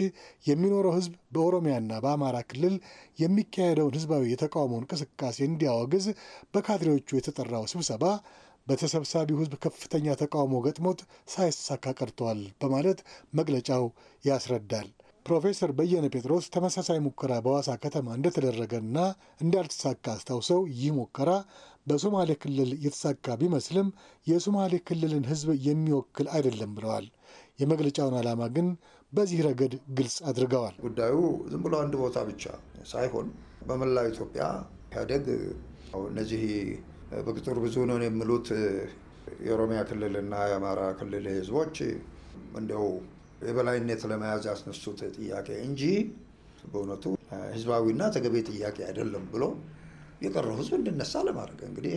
የሚኖረው ህዝብ በኦሮሚያና በአማራ ክልል የሚካሄደውን ህዝባዊ የተቃውሞ እንቅስቃሴ እንዲያወግዝ በካድሬዎቹ የተጠራው ስብሰባ በተሰብሳቢው ህዝብ ከፍተኛ ተቃውሞ ገጥሞት ሳይሳካ ቀርተዋል በማለት መግለጫው ያስረዳል። ፕሮፌሰር በየነ ጴጥሮስ ተመሳሳይ ሙከራ በዋሳ ከተማ እንደተደረገና እንዳልተሳካ አስታውሰው ይህ ሙከራ በሶማሌ ክልል የተሳካ ቢመስልም የሶማሌ ክልልን ህዝብ የሚወክል አይደለም ብለዋል። የመግለጫውን ዓላማ ግን በዚህ ረገድ ግልጽ አድርገዋል። ጉዳዩ ዝም ብሎ አንድ ቦታ ብቻ ሳይሆን በመላው ኢትዮጵያ ኢህአዴግ እነዚህ በቁጥር ብዙ ነን የሚሉት የኦሮሚያ ክልልና የአማራ ክልል ህዝቦች እንደው የበላይነት ለመያዝ ያስነሱት ጥያቄ እንጂ በእውነቱ ህዝባዊና ተገቢ ጥያቄ አይደለም ብሎ የቀረው ህዝብ እንድነሳ ለማድረግ እንግዲህ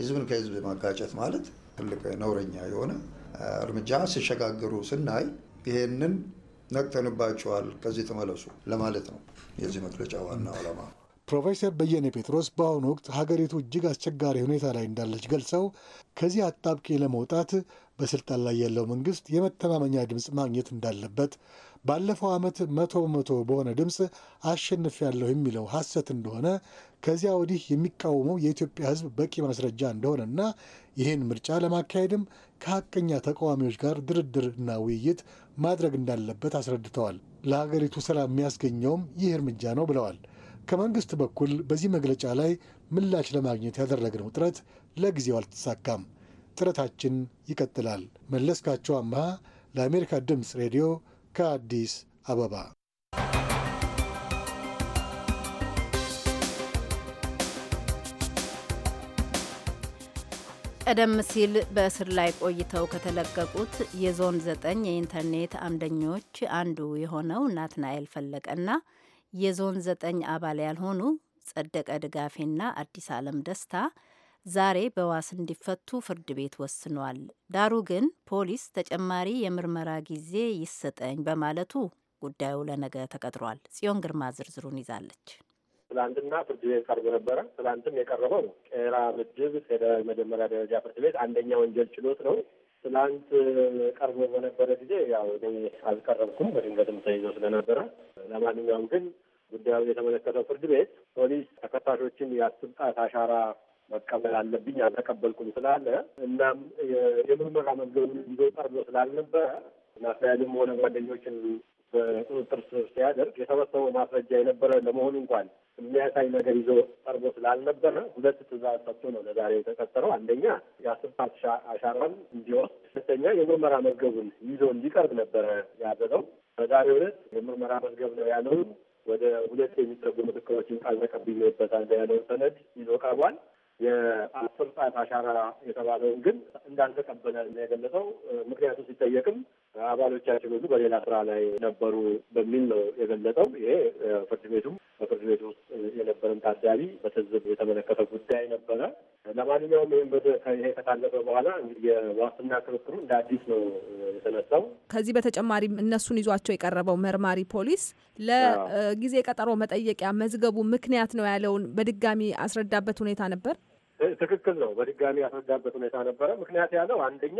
ህዝብን ከህዝብ ማጋጨት ማለት ትልቅ ነውረኛ የሆነ እርምጃ ሲሸጋገሩ ስናይ ይሄንን ነቅተንባቸዋል፣ ከዚህ ተመለሱ ለማለት ነው የዚህ መግለጫ ዋና ዓላማ። ፕሮፌሰር በየነ ጴጥሮስ በአሁኑ ወቅት ሀገሪቱ እጅግ አስቸጋሪ ሁኔታ ላይ እንዳለች ገልጸው ከዚህ አጣብቂ ለመውጣት በስልጣን ላይ ያለው መንግስት የመተማመኛ ድምፅ ማግኘት እንዳለበት ባለፈው ዓመት መቶ በመቶ በሆነ ድምፅ አሸንፊያለሁ የሚለው ሐሰት እንደሆነ ከዚያ ወዲህ የሚቃወመው የኢትዮጵያ ሕዝብ በቂ ማስረጃ እንደሆነና ይህን ምርጫ ለማካሄድም ከሀቀኛ ተቃዋሚዎች ጋር ድርድር እና ውይይት ማድረግ እንዳለበት አስረድተዋል። ለሀገሪቱ ሰላም የሚያስገኘውም ይህ እርምጃ ነው ብለዋል። ከመንግስት በኩል በዚህ መግለጫ ላይ ምላሽ ለማግኘት ያደረግነው ጥረት ለጊዜው አልተሳካም። ጥረታችን ይቀጥላል። መለስካቸው አምሃ ለአሜሪካ ድምፅ ሬዲዮ ከአዲስ አበባ ቀደም ሲል በእስር ላይ ቆይተው ከተለቀቁት የዞን ዘጠኝ የኢንተርኔት አምደኞች አንዱ የሆነው ናትናኤል ፈለቀና የዞን ዘጠኝ አባል ያልሆኑ ጸደቀ ድጋፌና አዲስ አለም ደስታ ዛሬ በዋስ እንዲፈቱ ፍርድ ቤት ወስኗል። ዳሩ ግን ፖሊስ ተጨማሪ የምርመራ ጊዜ ይሰጠኝ በማለቱ ጉዳዩ ለነገ ተቀጥሯል። ጽዮን ግርማ ዝርዝሩን ይዛለች። ትላንትና ፍርድ ቤት ቀርቦ ነበረ። ትላንትም የቀረበው ነው። ቄራ ምድብ ፌደራል መጀመሪያ ደረጃ ፍርድ ቤት አንደኛ ወንጀል ችሎት ነው። ትላንት ቀርቦ በነበረ ጊዜ ያው እኔ አልቀረብኩም በድንገትም ተይዞ ስለነበረ፣ ለማንኛውም ግን ጉዳዩ የተመለከተው ፍርድ ቤት ፖሊስ ተከሳሾችን የአስር ጣት አሻራ መቀበል አለብኝ አልተቀበልኩም ስላለ እናም የምርመራ መዝገቡን ይዞ ቀርቦ ስላልነበረ ናስያድም ሆነ ጓደኞችን በቁጥጥር ስር ሲያደርግ የሰበሰበው ማስረጃ የነበረ ለመሆኑ እንኳን የሚያሳይ ነገር ይዞ ቀርቦ ስላልነበረ ሁለት ትዕዛዝ ሰጥቶ ነው ለዛሬ የተቀጠረው። አንደኛ የአስር አሻራን እንዲወስድ፣ ሁለተኛ የምርመራ መዝገቡን ይዞ እንዲቀርብ ነበረ ያዘለው። በዛሬ ዕለት የምርመራ መዝገብ ነው ያለውን ወደ ሁለት የሚጠጉ ምስክሮችን ቃል ተቀብዬበታለሁ ያለውን ሰነድ ይዞ ቀርቧል። የአስር ሰዓት አሻራ የተባለውን ግን እንዳልተቀበለ የገለጸው ምክንያቱ ሲጠየቅም አባሎቻችን ሁሉ በሌላ ስራ ላይ ነበሩ በሚል ነው የገለጠው። ይሄ ፍርድ ቤቱም በፍርድ ቤት ውስጥ የነበረን ታዳሚ በትዝብ የተመለከተ ጉዳይ ነበረ። ለማንኛውም ይህም ይሄ ከታለፈ በኋላ እንግዲህ የዋስትና ክርክሩ እንደ አዲስ ነው የተነሳው። ከዚህ በተጨማሪም እነሱን ይዟቸው የቀረበው መርማሪ ፖሊስ ለጊዜ ቀጠሮ መጠየቂያ መዝገቡ ምክንያት ነው ያለውን በድጋሚ አስረዳበት ሁኔታ ነበር። ትክክል ነው። በድጋሚ ያስረዳበት ሁኔታ ነበረ። ምክንያት ያለው አንደኛ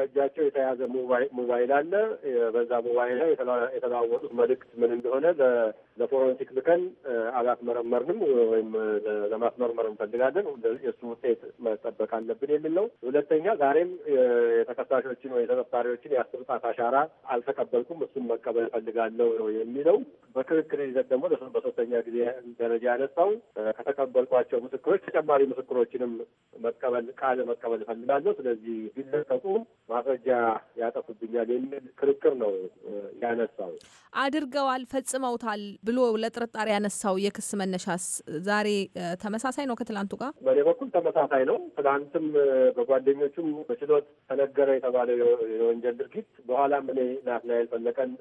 ከእጃቸው የተያዘ ሞባይል አለ። በዛ ሞባይል ላይ የተለዋወጡት መልእክት ምን እንደሆነ ለፎረንሲክ ልከን አላስመረመርንም ወይም ለማስመርመር እንፈልጋለን። የእሱ ውጤት መጠበቅ አለብን የሚል ነው። ሁለተኛ ዛሬም የተከሳሾችን ወይ ተጠርጣሪዎችን የአስር ጣት አሻራ አልተቀበልኩም፣ እሱም መቀበል እፈልጋለሁ ነው የሚለው። በክርክር ይዘት ደግሞ በሶስተኛ ጊዜ ደረጃ ያነሳው ከተቀበልኳቸው ምስክሮች ተጨማሪ ምስክሮችንም መቀበል ቃል መቀበል እፈልጋለሁ። ስለዚህ ቢለቀቁ ማስረጃ ያጠፉብኛል የሚል ክርክር ነው ያነሳው። አድርገዋል፣ ፈጽመውታል ብሎ ለጥርጣሬ ያነሳው የክስ መነሻስ ዛሬ ተመሳሳይ ነው ከትላንቱ ጋር በእኔ በኩል ተመሳሳይ ነው። ትላንትም በጓደኞቹም በችሎት ተነገረ የተባለው የወንጀል ድርጊት በኋላም እኔ ናትናኤል ፈለቀን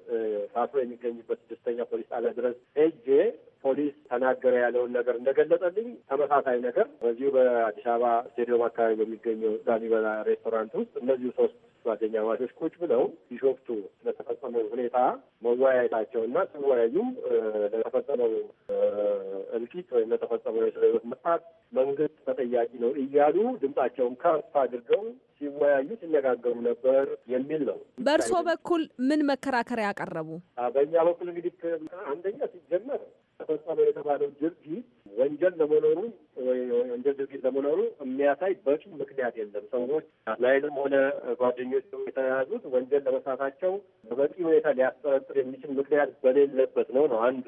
ታስሮ የሚገኝበት ስድስተኛ ፖሊስ ጣቢያ ድረስ ሄጄ ፖሊስ ተናገረ ያለውን ነገር እንደገለጸልኝ ተመሳሳይ ነገር በዚሁ በአዲስ አበባ ስቴዲየም አካባቢ በሚገኘው ላሊበላ ሬስቶራንት ውስጥ እነዚሁ ሶስት ጓደኛ ማቾች ቁጭ ብለው ቢሾፍቱ ስለተፈጸመው ሁኔታ መወያየታቸው እና ሲወያዩም ለተፈጸመው እልቂት ወይም ለተፈጸመው የሰው ሕይወት መጥፋት መንግስት ተጠያቂ ነው እያሉ ድምጻቸውን ከፍ አድርገው ሲወያዩ ሲነጋገሩ ነበር የሚል ነው። በእርስዎ በኩል ምን መከራከሪያ ያቀረቡ? በእኛ በኩል እንግዲህ አንደኛ ሲጀመር ተፈጸመ የተባለው ድርጊት ወንጀል ለመኖሩ ወንጀል ድርጊት ለመኖሩ የሚያሳይ በቂ ምክንያት የለም። ሰዎች ናይልም ሆነ ጓደኞች የተያዙት ወንጀል ለመሳታቸው በበቂ ሁኔታ ሊያስጠረጥር የሚችል ምክንያት በሌለበት ነው ነው አንዱ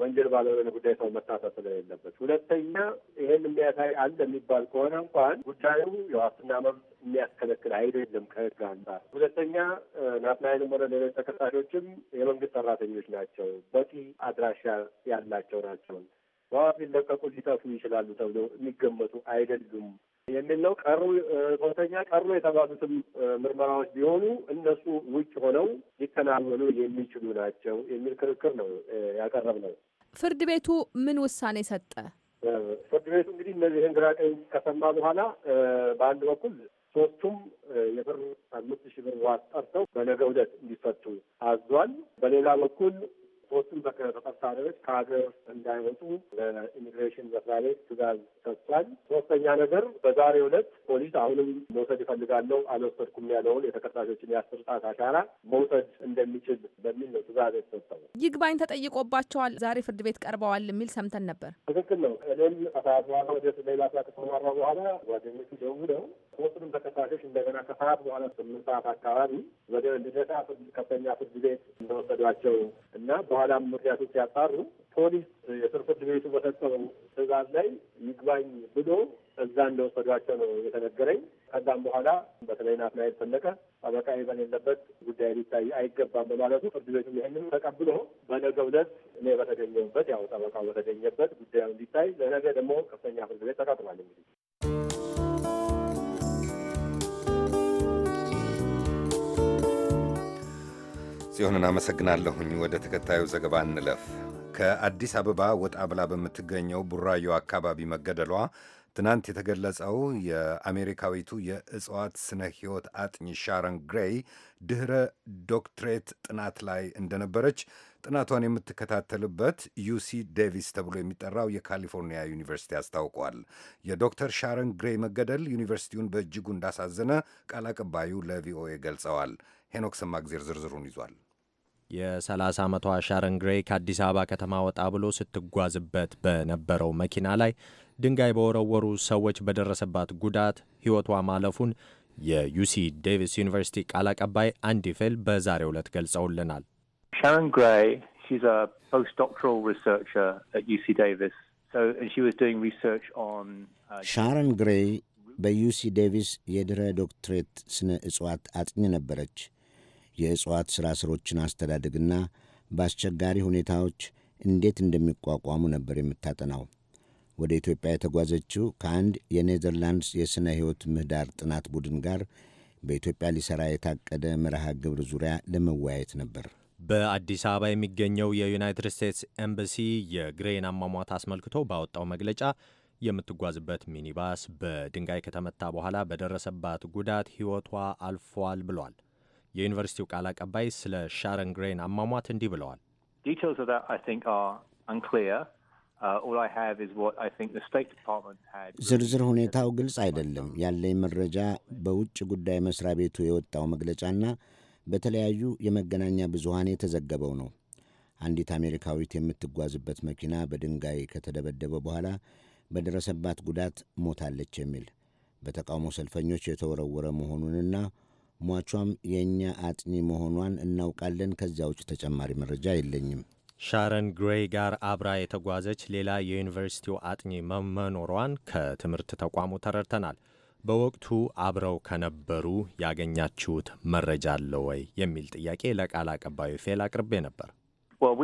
ወንጀል ባልሆነ ጉዳይ ሰው መታሰር ስለሌለበት፣ ሁለተኛ ይህን የሚያሳይ አለ የሚባል ከሆነ እንኳን ጉዳዩ የዋስትና መብት የሚያስከለክል አይደለም ከህግ አንጻር። ሁለተኛ ናትናኤልም ሆነ ሌሎች ተከሳሾችም የመንግስት ሰራተኞች ናቸው፣ በቂ አድራሻ ያላቸው ናቸው። በዋስ ሊለቀቁ ሊጠፉ ይችላሉ ተብሎ የሚገመቱ አይደሉም የሚለው ቀሩ ሶስተኛ ቀሩ የተባሉትም ምርመራዎች ቢሆኑ እነሱ ውጭ ሆነው ሊከናወኑ የሚችሉ ናቸው የሚል ክርክር ነው ያቀረብነው። ፍርድ ቤቱ ምን ውሳኔ ሰጠ? ፍርድ ቤቱ እንግዲህ እነዚህን ግራ ቀኝ ከሰማ በኋላ በአንድ በኩል ሶስቱም የብር አምስት ሺህ ብር ዋስ ጠርተው በነገ ውደት እንዲፈቱ አዟል። በሌላ በኩል ሶስቱም በቀጥታ ኃላፊዎች ከሀገር እንዳይወጡ ለኢሚግሬሽን መስሪያ ቤት ትዕዛዝ ሰጥቷል። ሶስተኛ ነገር በዛሬ ዕለት ፖሊስ አሁንም መውሰድ ይፈልጋለሁ አልወሰድኩም ያለውን የተከሳሾችን የአስር ሰዓት አሻራ መውሰድ እንደሚችል በሚል ነው ትዕዛዝ የተሰጠው። ይግባኝ ተጠይቆባቸዋል፣ ዛሬ ፍርድ ቤት ቀርበዋል የሚል ሰምተን ነበር። ትክክል ነው። እኔም ከሰዓት በኋላ ወደ ሌላ ስራ ከተሰማራ በኋላ ጓደኞቹ ደውለው ሶስቱንም ተከሳሾች እንደገና ከሰዓት በኋላ ስምንት ሰዓት አካባቢ ወደ ልደታ ከፍተኛ ፍርድ ቤት እንደወሰዷቸው እና በኋላም ምክንያቱ ሲያጣሩ ፖሊስ የስር ፍርድ ቤቱ በሰጠው ትዕዛዝ ላይ ይግባኝ ብሎ እዛ እንደወሰዷቸው ነው የተነገረኝ። ከዛም በኋላ በተለይ ናትናኤል ፈለቀ ጠበቃ በሌለበት ጉዳይ ሊታይ አይገባም በማለቱ ፍርድ ቤቱ ይህንን ተቀብሎ በነገ ዕለት እኔ በተገኘሁበት ያው ጠበቃው በተገኘበት ጉዳዩ እንዲታይ ለነገ ደግሞ ከፍተኛ ፍርድ ቤት ተቀጥሯል እንግዲህ ጽዮንን አመሰግናለሁኝ። ወደ ተከታዩ ዘገባ እንለፍ። ከአዲስ አበባ ወጣ ብላ በምትገኘው ቡራዮ አካባቢ መገደሏ ትናንት የተገለጸው የአሜሪካዊቱ የእጽዋት ስነ ሕይወት አጥኚ ሻረን ግሬይ ድኅረ ዶክትሬት ጥናት ላይ እንደነበረች ጥናቷን የምትከታተልበት ዩሲ ዴቪስ ተብሎ የሚጠራው የካሊፎርኒያ ዩኒቨርሲቲ አስታውቋል። የዶክተር ሻረን ግሬይ መገደል ዩኒቨርሲቲውን በእጅጉ እንዳሳዘነ ቃል አቀባዩ ለቪኦኤ ገልጸዋል። ሄኖክ ሰማግዜር ዝርዝሩን ይዟል። የ30 ዓመቷ ሻረን ግሬ ከአዲስ አበባ ከተማ ወጣ ብሎ ስትጓዝበት በነበረው መኪና ላይ ድንጋይ በወረወሩ ሰዎች በደረሰባት ጉዳት ሕይወቷ ማለፉን የዩሲ ዴቪስ ዩኒቨርሲቲ ቃል አቀባይ አንዲ ፌል በዛሬው ዕለት ገልጸውልናል። ሻረን ግሬ ፖስትዶክትራል ሪሰርቸር ዩሲ ዴቪስ ሻረን ግሬይ በዩሲ ዴቪስ የድረ ዶክትሬት ስነ እጽዋት አጥኚ ነበረች። የእጽዋት ሥራ ሥሮችን አስተዳደግና በአስቸጋሪ ሁኔታዎች እንዴት እንደሚቋቋሙ ነበር የምታጠናው። ወደ ኢትዮጵያ የተጓዘችው ከአንድ የኔዘርላንድስ የሥነ ሕይወት ምህዳር ጥናት ቡድን ጋር በኢትዮጵያ ሊሠራ የታቀደ መርሃ ግብር ዙሪያ ለመወያየት ነበር። በአዲስ አበባ የሚገኘው የዩናይትድ ስቴትስ ኤምባሲ የግሬን አሟሟት አስመልክቶ ባወጣው መግለጫ የምትጓዝበት ሚኒባስ በድንጋይ ከተመታ በኋላ በደረሰባት ጉዳት ሕይወቷ አልፏል ብሏል። የዩኒቨርሲቲው ቃል አቀባይ ስለ ሻረን ግሬን አሟሟት እንዲህ ብለዋል። uh, ዝርዝር ሁኔታው ግልጽ አይደለም። ያለኝ መረጃ በውጭ ጉዳይ መስሪያ ቤቱ የወጣው መግለጫና በተለያዩ የመገናኛ ብዙሃን የተዘገበው ነው። አንዲት አሜሪካዊት የምትጓዝበት መኪና በድንጋይ ከተደበደበ በኋላ በደረሰባት ጉዳት ሞታለች የሚል በተቃውሞ ሰልፈኞች የተወረወረ መሆኑንና ሟቿም የእኛ አጥኚ መሆኗን እናውቃለን። ከዚያ ውጭ ተጨማሪ መረጃ የለኝም። ሻረን ግሬይ ጋር አብራ የተጓዘች ሌላ የዩኒቨርሲቲው አጥኚ መመኖሯን ከትምህርት ተቋሙ ተረድተናል። በወቅቱ አብረው ከነበሩ ያገኛችሁት መረጃ አለ ወይ የሚል ጥያቄ ለቃል አቀባዩ ፌል አቅርቤ ነበር። uh,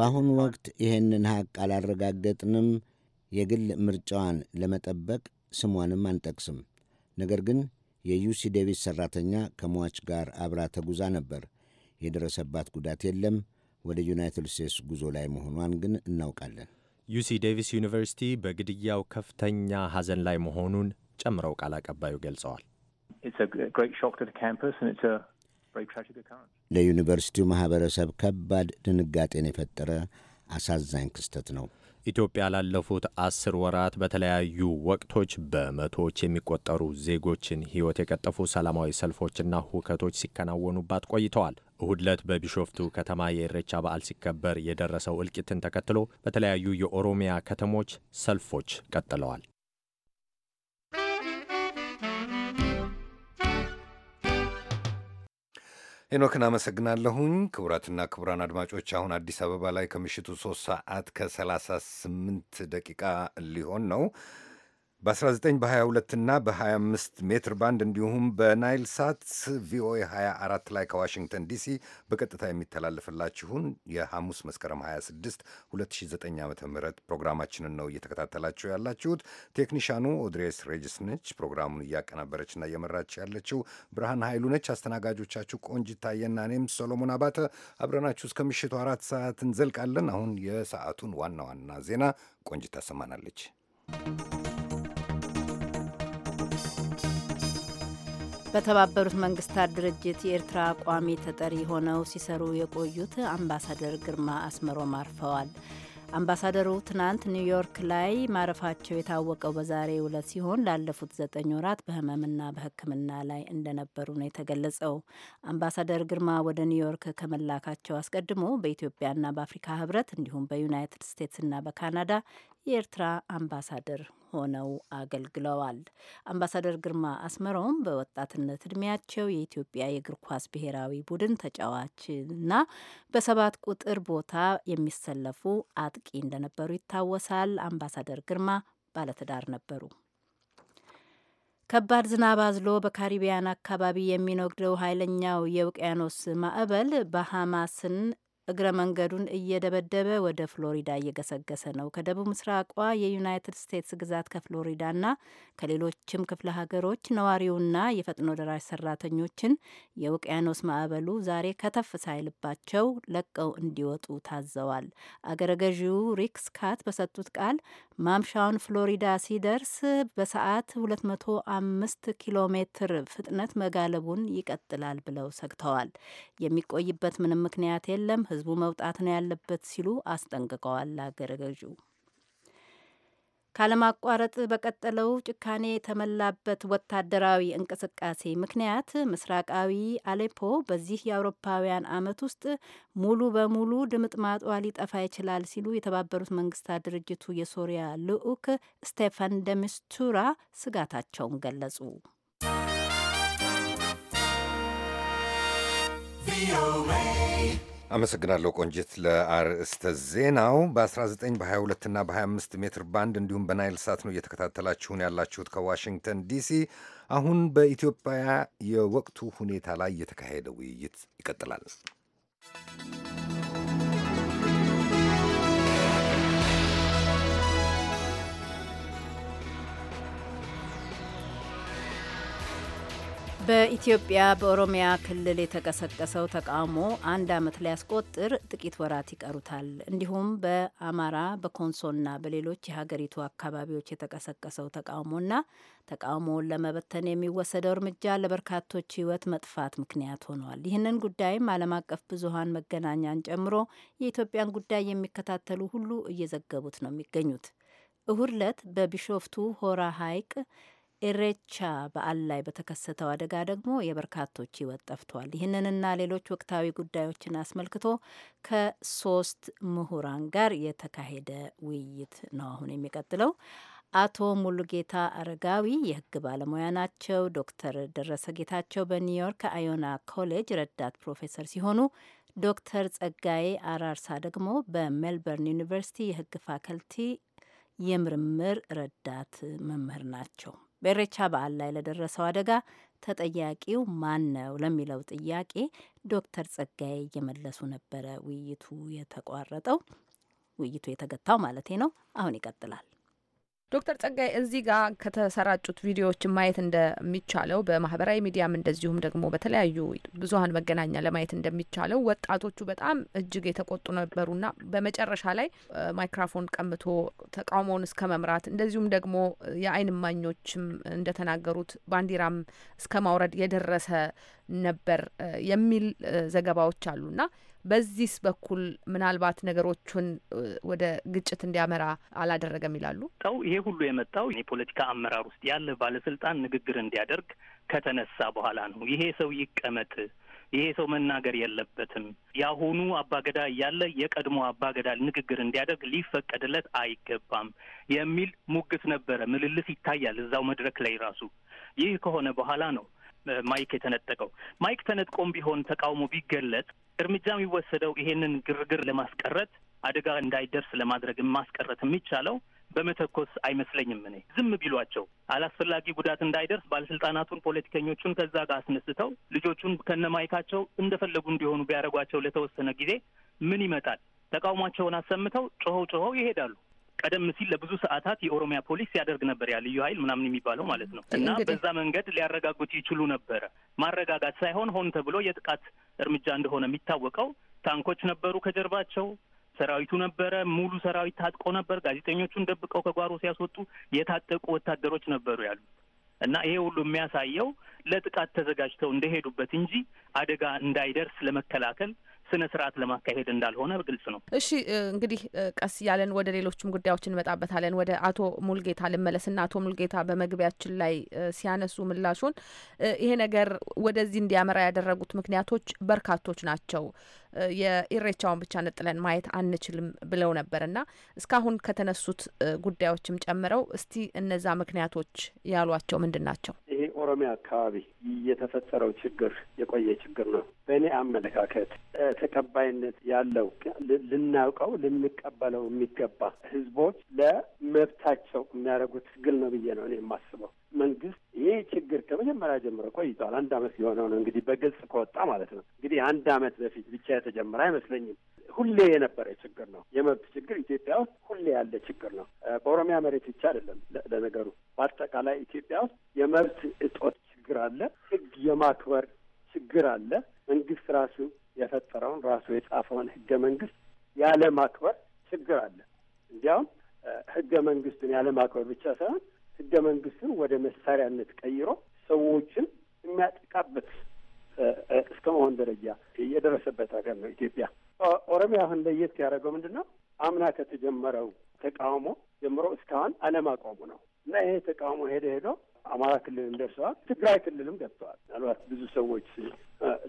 በአሁኑ ወቅት ይህንን ሀቅ አላረጋገጥንም። የግል ምርጫዋን ለመጠበቅ ስሟንም አንጠቅስም። ነገር ግን የዩሲ ዴቪስ ሠራተኛ ከሟች ጋር አብራ ተጉዛ ነበር። የደረሰባት ጉዳት የለም። ወደ ዩናይትድ ስቴትስ ጉዞ ላይ መሆኗን ግን እናውቃለን። ዩሲ ዴቪስ ዩኒቨርሲቲ በግድያው ከፍተኛ ሐዘን ላይ መሆኑን ጨምረው ቃል አቀባዩ ገልጸዋል። ለዩኒቨርሲቲው ማኅበረሰብ ከባድ ድንጋጤን የፈጠረ አሳዛኝ ክስተት ነው። ኢትዮጵያ ላለፉት አስር ወራት በተለያዩ ወቅቶች በመቶዎች የሚቆጠሩ ዜጎችን ሕይወት የቀጠፉ ሰላማዊ ሰልፎችና ሁከቶች ሲከናወኑባት ቆይተዋል። እሁድ ዕለት በቢሾፍቱ ከተማ የኢሬቻ በዓል ሲከበር የደረሰው እልቂትን ተከትሎ በተለያዩ የኦሮሚያ ከተሞች ሰልፎች ቀጥለዋል። ሄኖክን አመሰግናለሁኝ። ክቡራትና ክቡራን አድማጮች አሁን አዲስ አበባ ላይ ከምሽቱ 3 ሰዓት ከ38 ደቂቃ ሊሆን ነው። በ19 በ22 እና በ25 ሜትር ባንድ እንዲሁም በናይል ሳት ቪኦኤ 24 ላይ ከዋሽንግተን ዲሲ በቀጥታ የሚተላለፍላችሁን የሐሙስ መስከረም 26 2009 ዓ ም ፕሮግራማችንን ነው እየተከታተላችሁ ያላችሁት። ቴክኒሻኑ ኦድሬስ ሬጅስ ነች። ፕሮግራሙን እያቀናበረችና እየመራች ያለችው ብርሃን ኃይሉ ነች። አስተናጋጆቻችሁ ቆንጂት ታየና እኔም ሰሎሞን አባተ አብረናችሁ እስከ ምሽቱ አራት ሰዓት እንዘልቃለን። አሁን የሰዓቱን ዋና ዋና ዜና ቆንጂት ታሰማናለች። በተባበሩት መንግስታት ድርጅት የኤርትራ ቋሚ ተጠሪ ሆነው ሲሰሩ የቆዩት አምባሳደር ግርማ አስመሮም አርፈዋል። አምባሳደሩ ትናንት ኒውዮርክ ላይ ማረፋቸው የታወቀው በዛሬ ዕለት ሲሆን ላለፉት ዘጠኝ ወራት በህመምና በሕክምና ላይ እንደነበሩ ነው የተገለጸው። አምባሳደር ግርማ ወደ ኒውዮርክ ከመላካቸው አስቀድሞ በኢትዮጵያና በአፍሪካ ህብረት እንዲሁም በዩናይትድ ስቴትስና በካናዳ የኤርትራ አምባሳደር ሆነው አገልግለዋል። አምባሳደር ግርማ አስመሮም በወጣትነት እድሜያቸው የኢትዮጵያ የእግር ኳስ ብሔራዊ ቡድን ተጫዋችና በሰባት ቁጥር ቦታ የሚሰለፉ አጥቂ እንደነበሩ ይታወሳል። አምባሳደር ግርማ ባለትዳር ነበሩ። ከባድ ዝናብ አዝሎ በካሪቢያን አካባቢ የሚኖግደው ኃይለኛው የውቅያኖስ ማዕበል ባሃማስን እግረ መንገዱን እየደበደበ ወደ ፍሎሪዳ እየገሰገሰ ነው። ከደቡብ ምስራቋ የዩናይትድ ስቴትስ ግዛት ከፍሎሪዳና ከሌሎችም ክፍለ ሀገሮች ነዋሪውና የፈጥኖ ደራሽ ሰራተኞችን የውቅያኖስ ማዕበሉ ዛሬ ከተፍ ሳይልባቸው ለቀው እንዲወጡ ታዘዋል። አገረ ገዢው ሪክ ስካት በሰጡት ቃል ማምሻውን ፍሎሪዳ ሲደርስ በሰዓት 205 ኪሎ ሜትር ፍጥነት መጋለቡን ይቀጥላል ብለው ሰግተዋል። የሚቆይበት ምንም ምክንያት የለም። ህዝቡ መውጣት ነው ያለበት ሲሉ አስጠንቅቀዋል። አገረ ገዢው ካለማቋረጥ በቀጠለው ጭካኔ የተመላበት ወታደራዊ እንቅስቃሴ ምክንያት ምስራቃዊ አሌፖ በዚህ የአውሮፓውያን አመት ውስጥ ሙሉ በሙሉ ድምጥማጧ ሊጠፋ ይችላል ሲሉ የተባበሩት መንግስታት ድርጅቱ የሶሪያ ልዑክ ስቴፋን ደሚስቱራ ስጋታቸውን ገለጹ። ቪኦኤ አመሰግናለሁ ቆንጂት ለአርእስተ ዜናው። በ19 በ22 እና በ25 ሜትር ባንድ እንዲሁም በናይል ሳት ነው እየተከታተላችሁን ያላችሁት ከዋሽንግተን ዲሲ። አሁን በኢትዮጵያ የወቅቱ ሁኔታ ላይ የተካሄደ ውይይት ይቀጥላል። በኢትዮጵያ በኦሮሚያ ክልል የተቀሰቀሰው ተቃውሞ አንድ ዓመት ሊያስቆጥር ጥቂት ወራት ይቀሩታል። እንዲሁም በአማራ በኮንሶና በሌሎች የሀገሪቱ አካባቢዎች የተቀሰቀሰው ተቃውሞና ተቃውሞውን ለመበተን የሚወሰደው እርምጃ ለበርካቶች ሕይወት መጥፋት ምክንያት ሆኗል። ይህንን ጉዳይም ዓለም አቀፍ ብዙሀን መገናኛን ጨምሮ የኢትዮጵያን ጉዳይ የሚከታተሉ ሁሉ እየዘገቡት ነው የሚገኙት። እሁድ ዕለት በቢሾፍቱ ሆራ ሐይቅ ኢሬቻ በዓል ላይ በተከሰተው አደጋ ደግሞ የበርካቶች ሕይወት ጠፍቷል። ይህንንና ሌሎች ወቅታዊ ጉዳዮችን አስመልክቶ ከሶስት ምሁራን ጋር የተካሄደ ውይይት ነው አሁን የሚቀጥለው። አቶ ሙሉጌታ አረጋዊ የህግ ባለሙያ ናቸው። ዶክተር ደረሰ ጌታቸው በኒውዮርክ አዮና ኮሌጅ ረዳት ፕሮፌሰር ሲሆኑ ዶክተር ጸጋዬ አራርሳ ደግሞ በሜልበርን ዩኒቨርሲቲ የህግ ፋከልቲ የምርምር ረዳት መምህር ናቸው። በኢሬቻ በዓል ላይ ለደረሰው አደጋ ተጠያቂው ማን ነው ለሚለው ጥያቄ ዶክተር ጸጋዬ እየመለሱ ነበረ። ውይይቱ የተቋረጠው ውይይቱ የተገታው ማለቴ ነው። አሁን ይቀጥላል። ዶክተር ጸጋይ እዚህ ጋር ከተሰራጩት ቪዲዮዎች ማየት እንደሚቻለው በማህበራዊ ሚዲያም እንደዚሁም ደግሞ በተለያዩ ብዙሀን መገናኛ ለማየት እንደሚቻለው ወጣቶቹ በጣም እጅግ የተቆጡ ነበሩና በመጨረሻ ላይ ማይክራፎን ቀምቶ ተቃውሞውን እስከ መምራት እንደዚሁም ደግሞ የዓይን እማኞችም እንደተናገሩት ባንዲራም እስከ ማውረድ የደረሰ ነበር የሚል ዘገባዎች አሉና በዚህስ በኩል ምናልባት ነገሮቹን ወደ ግጭት እንዲያመራ አላደረገም ይላሉ። ጠው ይሄ ሁሉ የመጣው የፖለቲካ አመራር ውስጥ ያለ ባለስልጣን ንግግር እንዲያደርግ ከተነሳ በኋላ ነው። ይሄ ሰው ይቀመጥ፣ ይሄ ሰው መናገር የለበትም፣ የአሁኑ አባገዳ እያለ የቀድሞ አባገዳ ንግግር እንዲያደርግ ሊፈቀድለት አይገባም የሚል ሙግት ነበረ። ምልልስ ይታያል እዛው መድረክ ላይ ራሱ። ይህ ከሆነ በኋላ ነው ማይክ የተነጠቀው። ማይክ ተነጥቆም ቢሆን ተቃውሞ ቢገለጽ እርምጃ የሚወሰደው ይሄንን ግርግር ለማስቀረት አደጋ እንዳይደርስ ለማድረግ ማስቀረት የሚቻለው በመተኮስ አይመስለኝም። እኔ ዝም ቢሏቸው አላስፈላጊ ጉዳት እንዳይደርስ ባለስልጣናቱን፣ ፖለቲከኞቹን ከዛ ጋር አስነስተው ልጆቹን ከነማይካቸው እንደፈለጉ እንዲሆኑ ቢያደርጓቸው ለተወሰነ ጊዜ ምን ይመጣል? ተቃውሟቸውን አሰምተው ጮኸው ጮኸው ይሄዳሉ። ቀደም ሲል ለብዙ ሰዓታት የኦሮሚያ ፖሊስ ሲያደርግ ነበር ያ ልዩ ኃይል ምናምን የሚባለው ማለት ነው። እና በዛ መንገድ ሊያረጋጉት ይችሉ ነበረ። ማረጋጋት ሳይሆን ሆን ተብሎ የጥቃት እርምጃ እንደሆነ የሚታወቀው ታንኮች ነበሩ ከጀርባቸው ሰራዊቱ ነበረ። ሙሉ ሰራዊት ታጥቆ ነበር። ጋዜጠኞቹን ደብቀው ከጓሮ ሲያስወጡ የታጠቁ ወታደሮች ነበሩ ያሉት እና ይሄ ሁሉ የሚያሳየው ለጥቃት ተዘጋጅተው እንደሄዱበት እንጂ አደጋ እንዳይደርስ ለመከላከል ስነ ስርዓት ለማካሄድ እንዳልሆነ ግልጽ ነው። እሺ እንግዲህ ቀስ እያለን ወደ ሌሎችም ጉዳዮች እንመጣበታለን። ወደ አቶ ሙልጌታ ልመለስና አቶ ሙልጌታ በመግቢያችን ላይ ሲያነሱ ምላሹን ይሄ ነገር ወደዚህ እንዲያመራ ያደረጉት ምክንያቶች በርካቶች ናቸው የኢሬቻውን ብቻ ነጥለን ማየት አንችልም ብለው ነበርና እስካሁን ከተነሱት ጉዳዮችም ጨምረው እስቲ እነዛ ምክንያቶች ያሏቸው ምንድን ናቸው? ኦሮሚያ አካባቢ የተፈጠረው ችግር የቆየ ችግር ነው። በእኔ አመለካከት ተቀባይነት ያለው ልናውቀው ልንቀበለው የሚገባ ህዝቦች ለመብታቸው የሚያደርጉት ትግል ነው ብዬ ነው እኔ የማስበው። መንግስት ይህ ችግር ከመጀመሪያ ጀምሮ ቆይቷል። አንድ አመት የሆነው ነው እንግዲህ በግልጽ ከወጣ ማለት ነው። እንግዲህ አንድ አመት በፊት ብቻ የተጀመረ አይመስለኝም። ሁሌ የነበረ ችግር ነው። የመብት ችግር ኢትዮጵያ ውስጥ ሁሌ ያለ ችግር ነው። በኦሮሚያ መሬት ብቻ አይደለም። ለነገሩ በአጠቃላይ ኢትዮጵያ ውስጥ የመብት እጦት ችግር አለ። ህግ የማክበር ችግር አለ። መንግስት ራሱ የፈጠረውን ራሱ የጻፈውን ህገ መንግስት ያለ ማክበር ችግር አለ። እንዲያውም ህገ መንግስቱን ያለ ማክበር ብቻ ሳይሆን ህገ መንግስቱን ወደ መሳሪያነት ቀይሮ ሰዎችን የሚያጠቃበት እስከ መሆን ደረጃ የደረሰበት ሀገር ነው ኢትዮጵያ። ኦሮሚያ አሁን ለየት ያደረገው ምንድን ነው? አምና ከተጀመረው ተቃውሞ ጀምሮ እስካሁን አለማቆሙ ነው እና ይሄ ተቃውሞ ሄደ ሄዶ አማራ ክልልም ደርሰዋል፣ ትግራይ ክልልም ገብተዋል። ምናልባት ብዙ ሰዎች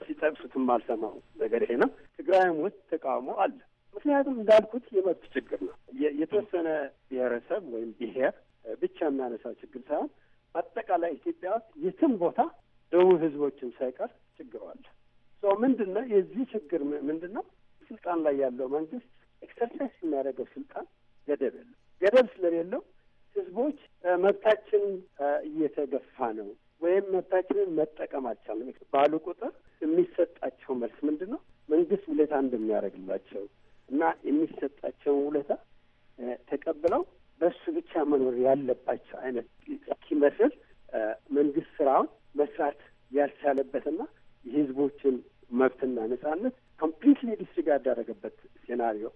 ሲጠቅሱትም አልሰማው ነገር ይሄ ነው። ትግራይም ውስጥ ተቃውሞ አለ። ምክንያቱም እንዳልኩት የመብት ችግር ነው። የተወሰነ ብሔረሰብ ወይም ብሔር ብቻ የሚያነሳው ችግር ሳይሆን አጠቃላይ ኢትዮጵያ ውስጥ የትም ቦታ ደቡብ ህዝቦችን ሳይቀር ችግሯል። ምንድን ነው የዚህ ችግር ምንድን ነው? ስልጣን ላይ ያለው መንግስት ኤክሰርሳይዝ የሚያደርገው ስልጣን ገደብ የለም። ገደብ ስለሌለው ህዝቦች መብታችን እየተገፋ ነው ወይም መብታችንን መጠቀም አልቻለም ባሉ ቁጥር የሚሰጣቸው መልስ ምንድን ነው? መንግስት ውለታ እንደሚያደርግላቸው እና የሚሰጣቸውን ውለታ ተቀብለው በሱ ብቻ መኖር ያለባቸው አይነት በሚዳረግበት ሴናሪዮ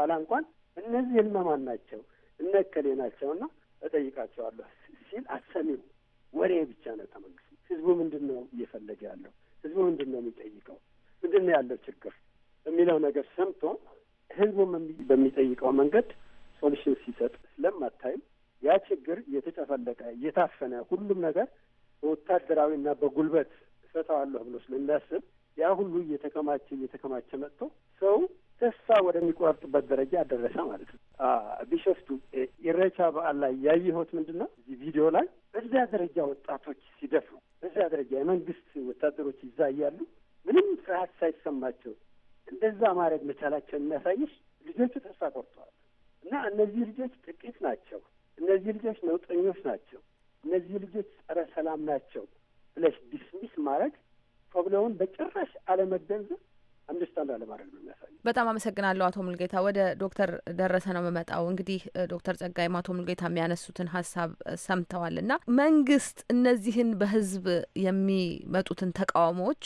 በኋላ እንኳን እነዚህ እነማን ናቸው እነ እከሌ ናቸውና እጠይቃቸዋለሁ ሲል አሰሚው ወሬ ብቻ ነው። ተመንግስት ህዝቡ ምንድን ነው እየፈለገ ያለው ህዝቡ ምንድን ነው የሚጠይቀው ምንድን ነው ያለው ችግር የሚለው ነገር ሰምቶ ህዝቡ በሚጠይቀው መንገድ ሶሉሽን ሲሰጥ ስለማታይም ያ ችግር እየተጨፈለቀ እየታፈነ ሁሉም ነገር በወታደራዊ እና በጉልበት እፈታዋለሁ ብሎ ስለሚያስብ ያ ሁሉ እየተከማቸ እየተከማቸ መጥቶ እስከሚቆርጥበት ደረጃ አደረሰ ማለት ነው። ቢሸፍቱ ኢሬቻ በዓል ላይ ያየሁት ምንድን ነው? እዚህ ቪዲዮ ላይ በዚያ ደረጃ ወጣቶች ሲደፍሩ፣ በዚያ ደረጃ የመንግስት ወታደሮች ይዛያሉ። እያሉ ምንም ፍርሃት ሳይሰማቸው እንደዛ ማድረግ መቻላቸው የሚያሳይሽ ልጆቹ ተስፋ ቆርጠዋል እና እነዚህ ልጆች ጥቂት ናቸው፣ እነዚህ ልጆች ነውጠኞች ናቸው፣ እነዚህ ልጆች ጸረ ሰላም ናቸው ብለሽ ዲስሚስ ማድረግ ፕሮብለሙን በጭራሽ አለመገንዘብ አንደርስታንድ አለማድረግ ነው የሚያሳየው። በጣም አመሰግናለሁ አቶ ሙልጌታ። ወደ ዶክተር ደረሰ ነው የምመጣው። እንግዲህ ዶክተር ጸጋይም አቶ ሙልጌታ የሚያነሱትን ሀሳብ ሰምተዋል እና መንግስት እነዚህን በህዝብ የሚመጡትን ተቃውሞዎች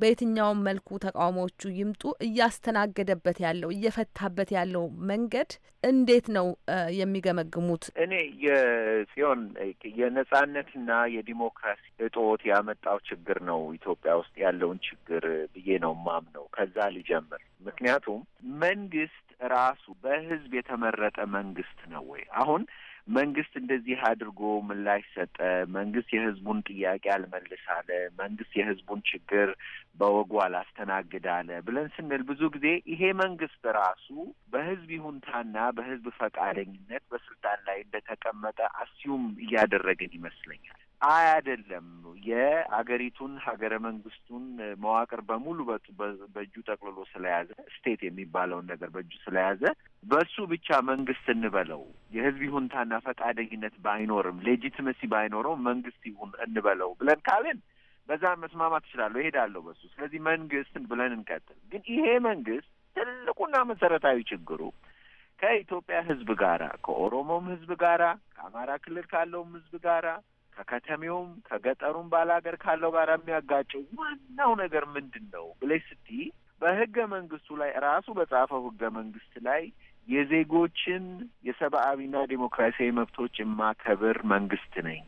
በየትኛውም መልኩ ተቃውሞዎቹ ይምጡ እያስተናገደበት ያለው እየፈታበት ያለው መንገድ እንዴት ነው የሚገመግሙት? እኔ የጽዮን የነጻነትና የዲሞክራሲ እጦት ያመጣው ችግር ነው ኢትዮጵያ ውስጥ ያለውን ችግር ብዬ ነው ማምነው። ከዛ ልጀምር። ምክንያቱም መንግስት ራሱ በህዝብ የተመረጠ መንግስት ነው ወይ አሁን መንግስት እንደዚህ አድርጎ ምላሽ ሰጠ፣ መንግስት የህዝቡን ጥያቄ አልመልስ አለ፣ መንግስት የህዝቡን ችግር በወጉ አላስተናግድ አለ ብለን ስንል ብዙ ጊዜ ይሄ መንግስት ራሱ በህዝብ ይሁንታና በህዝብ ፈቃደኝነት በስልጣን ላይ እንደተቀመጠ አስዩም እያደረግን ይመስለኛል። አይደለም የአገሪቱን ሀገረ መንግስቱን መዋቅር በሙሉ በእጁ ጠቅልሎ ስለያዘ ስቴት የሚባለውን ነገር በእጁ ስለያዘ በሱ ብቻ መንግስት እንበለው የህዝብ ይሁንታና ፈቃደኝነት ባይኖርም ሌጂትመሲ ባይኖረው መንግስት ይሁን እንበለው ብለን ካልን በዛ መስማማት እችላለሁ እሄዳለሁ በሱ ስለዚህ መንግስትን ብለን እንቀጥል ግን ይሄ መንግስት ትልቁና መሰረታዊ ችግሩ ከኢትዮጵያ ህዝብ ጋራ ከኦሮሞም ህዝብ ጋራ ከአማራ ክልል ካለውም ህዝብ ጋራ ከከተሜውም ከገጠሩም ባላገር ካለው ጋር የሚያጋጨው ዋናው ነገር ምንድን ነው ብለሽ ስቲ በህገ መንግስቱ ላይ ራሱ በጻፈው ህገ መንግስት ላይ የዜጎችን የሰብአዊና ዴሞክራሲያዊ መብቶች የማከብር መንግስት ነኝ።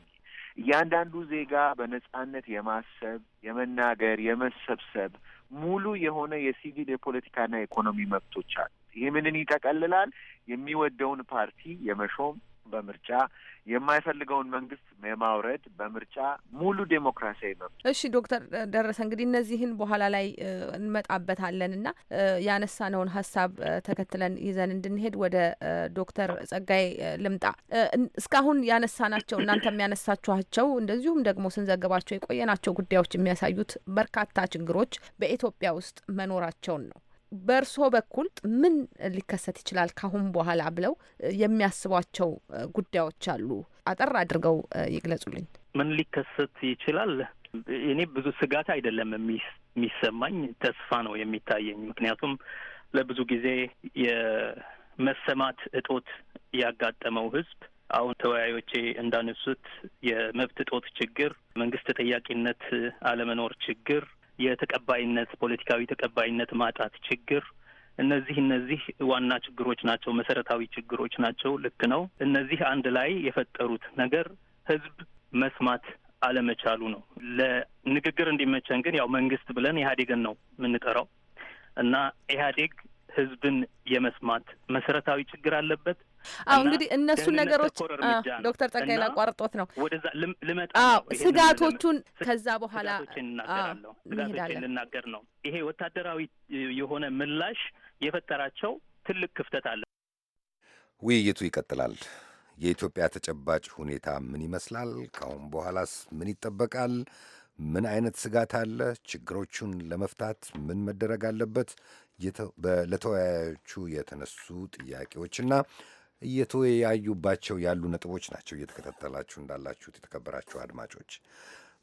እያንዳንዱ ዜጋ በነጻነት የማሰብ፣ የመናገር፣ የመሰብሰብ ሙሉ የሆነ የሲቪል የፖለቲካና የኢኮኖሚ መብቶች አሉ። ይህ ምንን ይጠቀልላል? የሚወደውን ፓርቲ የመሾም በምርጫ የማይፈልገውን መንግስት የማውረድ በምርጫ ሙሉ ዴሞክራሲያዊ መብት። እሺ ዶክተር ደረሰ እንግዲህ እነዚህን በኋላ ላይ እንመጣበታለን እና ያነሳነውን ሀሳብ ተከትለን ይዘን እንድንሄድ ወደ ዶክተር ጸጋይ ልምጣ። እስካሁን ያነሳናቸው እናንተ የሚያነሳችኋቸው እንደዚሁም ደግሞ ስንዘግባቸው የቆየናቸው ጉዳዮች የሚያሳዩት በርካታ ችግሮች በኢትዮጵያ ውስጥ መኖራቸውን ነው። በእርስዎ በኩል ምን ሊከሰት ይችላል ካሁን በኋላ ብለው የሚያስቧቸው ጉዳዮች አሉ? አጠር አድርገው ይግለጹልኝ። ምን ሊከሰት ይችላል? እኔ ብዙ ስጋት አይደለም የሚሰማኝ፣ ተስፋ ነው የሚታየኝ። ምክንያቱም ለብዙ ጊዜ የመሰማት እጦት ያጋጠመው ህዝብ አሁን ተወያዮቼ እንዳነሱት የመብት እጦት ችግር፣ መንግስት ተጠያቂነት አለመኖር ችግር የተቀባይነት ፖለቲካዊ ተቀባይነት ማጣት ችግር እነዚህ እነዚህ ዋና ችግሮች ናቸው። መሰረታዊ ችግሮች ናቸው። ልክ ነው። እነዚህ አንድ ላይ የፈጠሩት ነገር ህዝብ መስማት አለመቻሉ ነው። ለንግግር እንዲመቸን ግን ያው መንግስት ብለን ኢህአዴግን ነው የምንጠራው እና ኢህአዴግ ህዝብን የመስማት መሰረታዊ ችግር አለበት። አሁ እንግዲህ እነሱን ነገሮች ዶክተር ጸጋይ ላቋርጦት ነው ወደዛ ልመጣ ስጋቶቹን ከዛ በኋላ ስጋቶችን ልናገር ነው። ይሄ ወታደራዊ የሆነ ምላሽ የፈጠራቸው ትልቅ ክፍተት አለ። ውይይቱ ይቀጥላል። የኢትዮጵያ ተጨባጭ ሁኔታ ምን ይመስላል? ከአሁን በኋላስ ምን ይጠበቃል? ምን አይነት ስጋት አለ? ችግሮቹን ለመፍታት ምን መደረግ አለበት? ለተወያዮቹ የተነሱ ጥያቄዎችና እየተወያዩባቸው ያሉ ነጥቦች ናቸው እየተከታተላችሁ እንዳላችሁት የተከበራችሁ አድማጮች።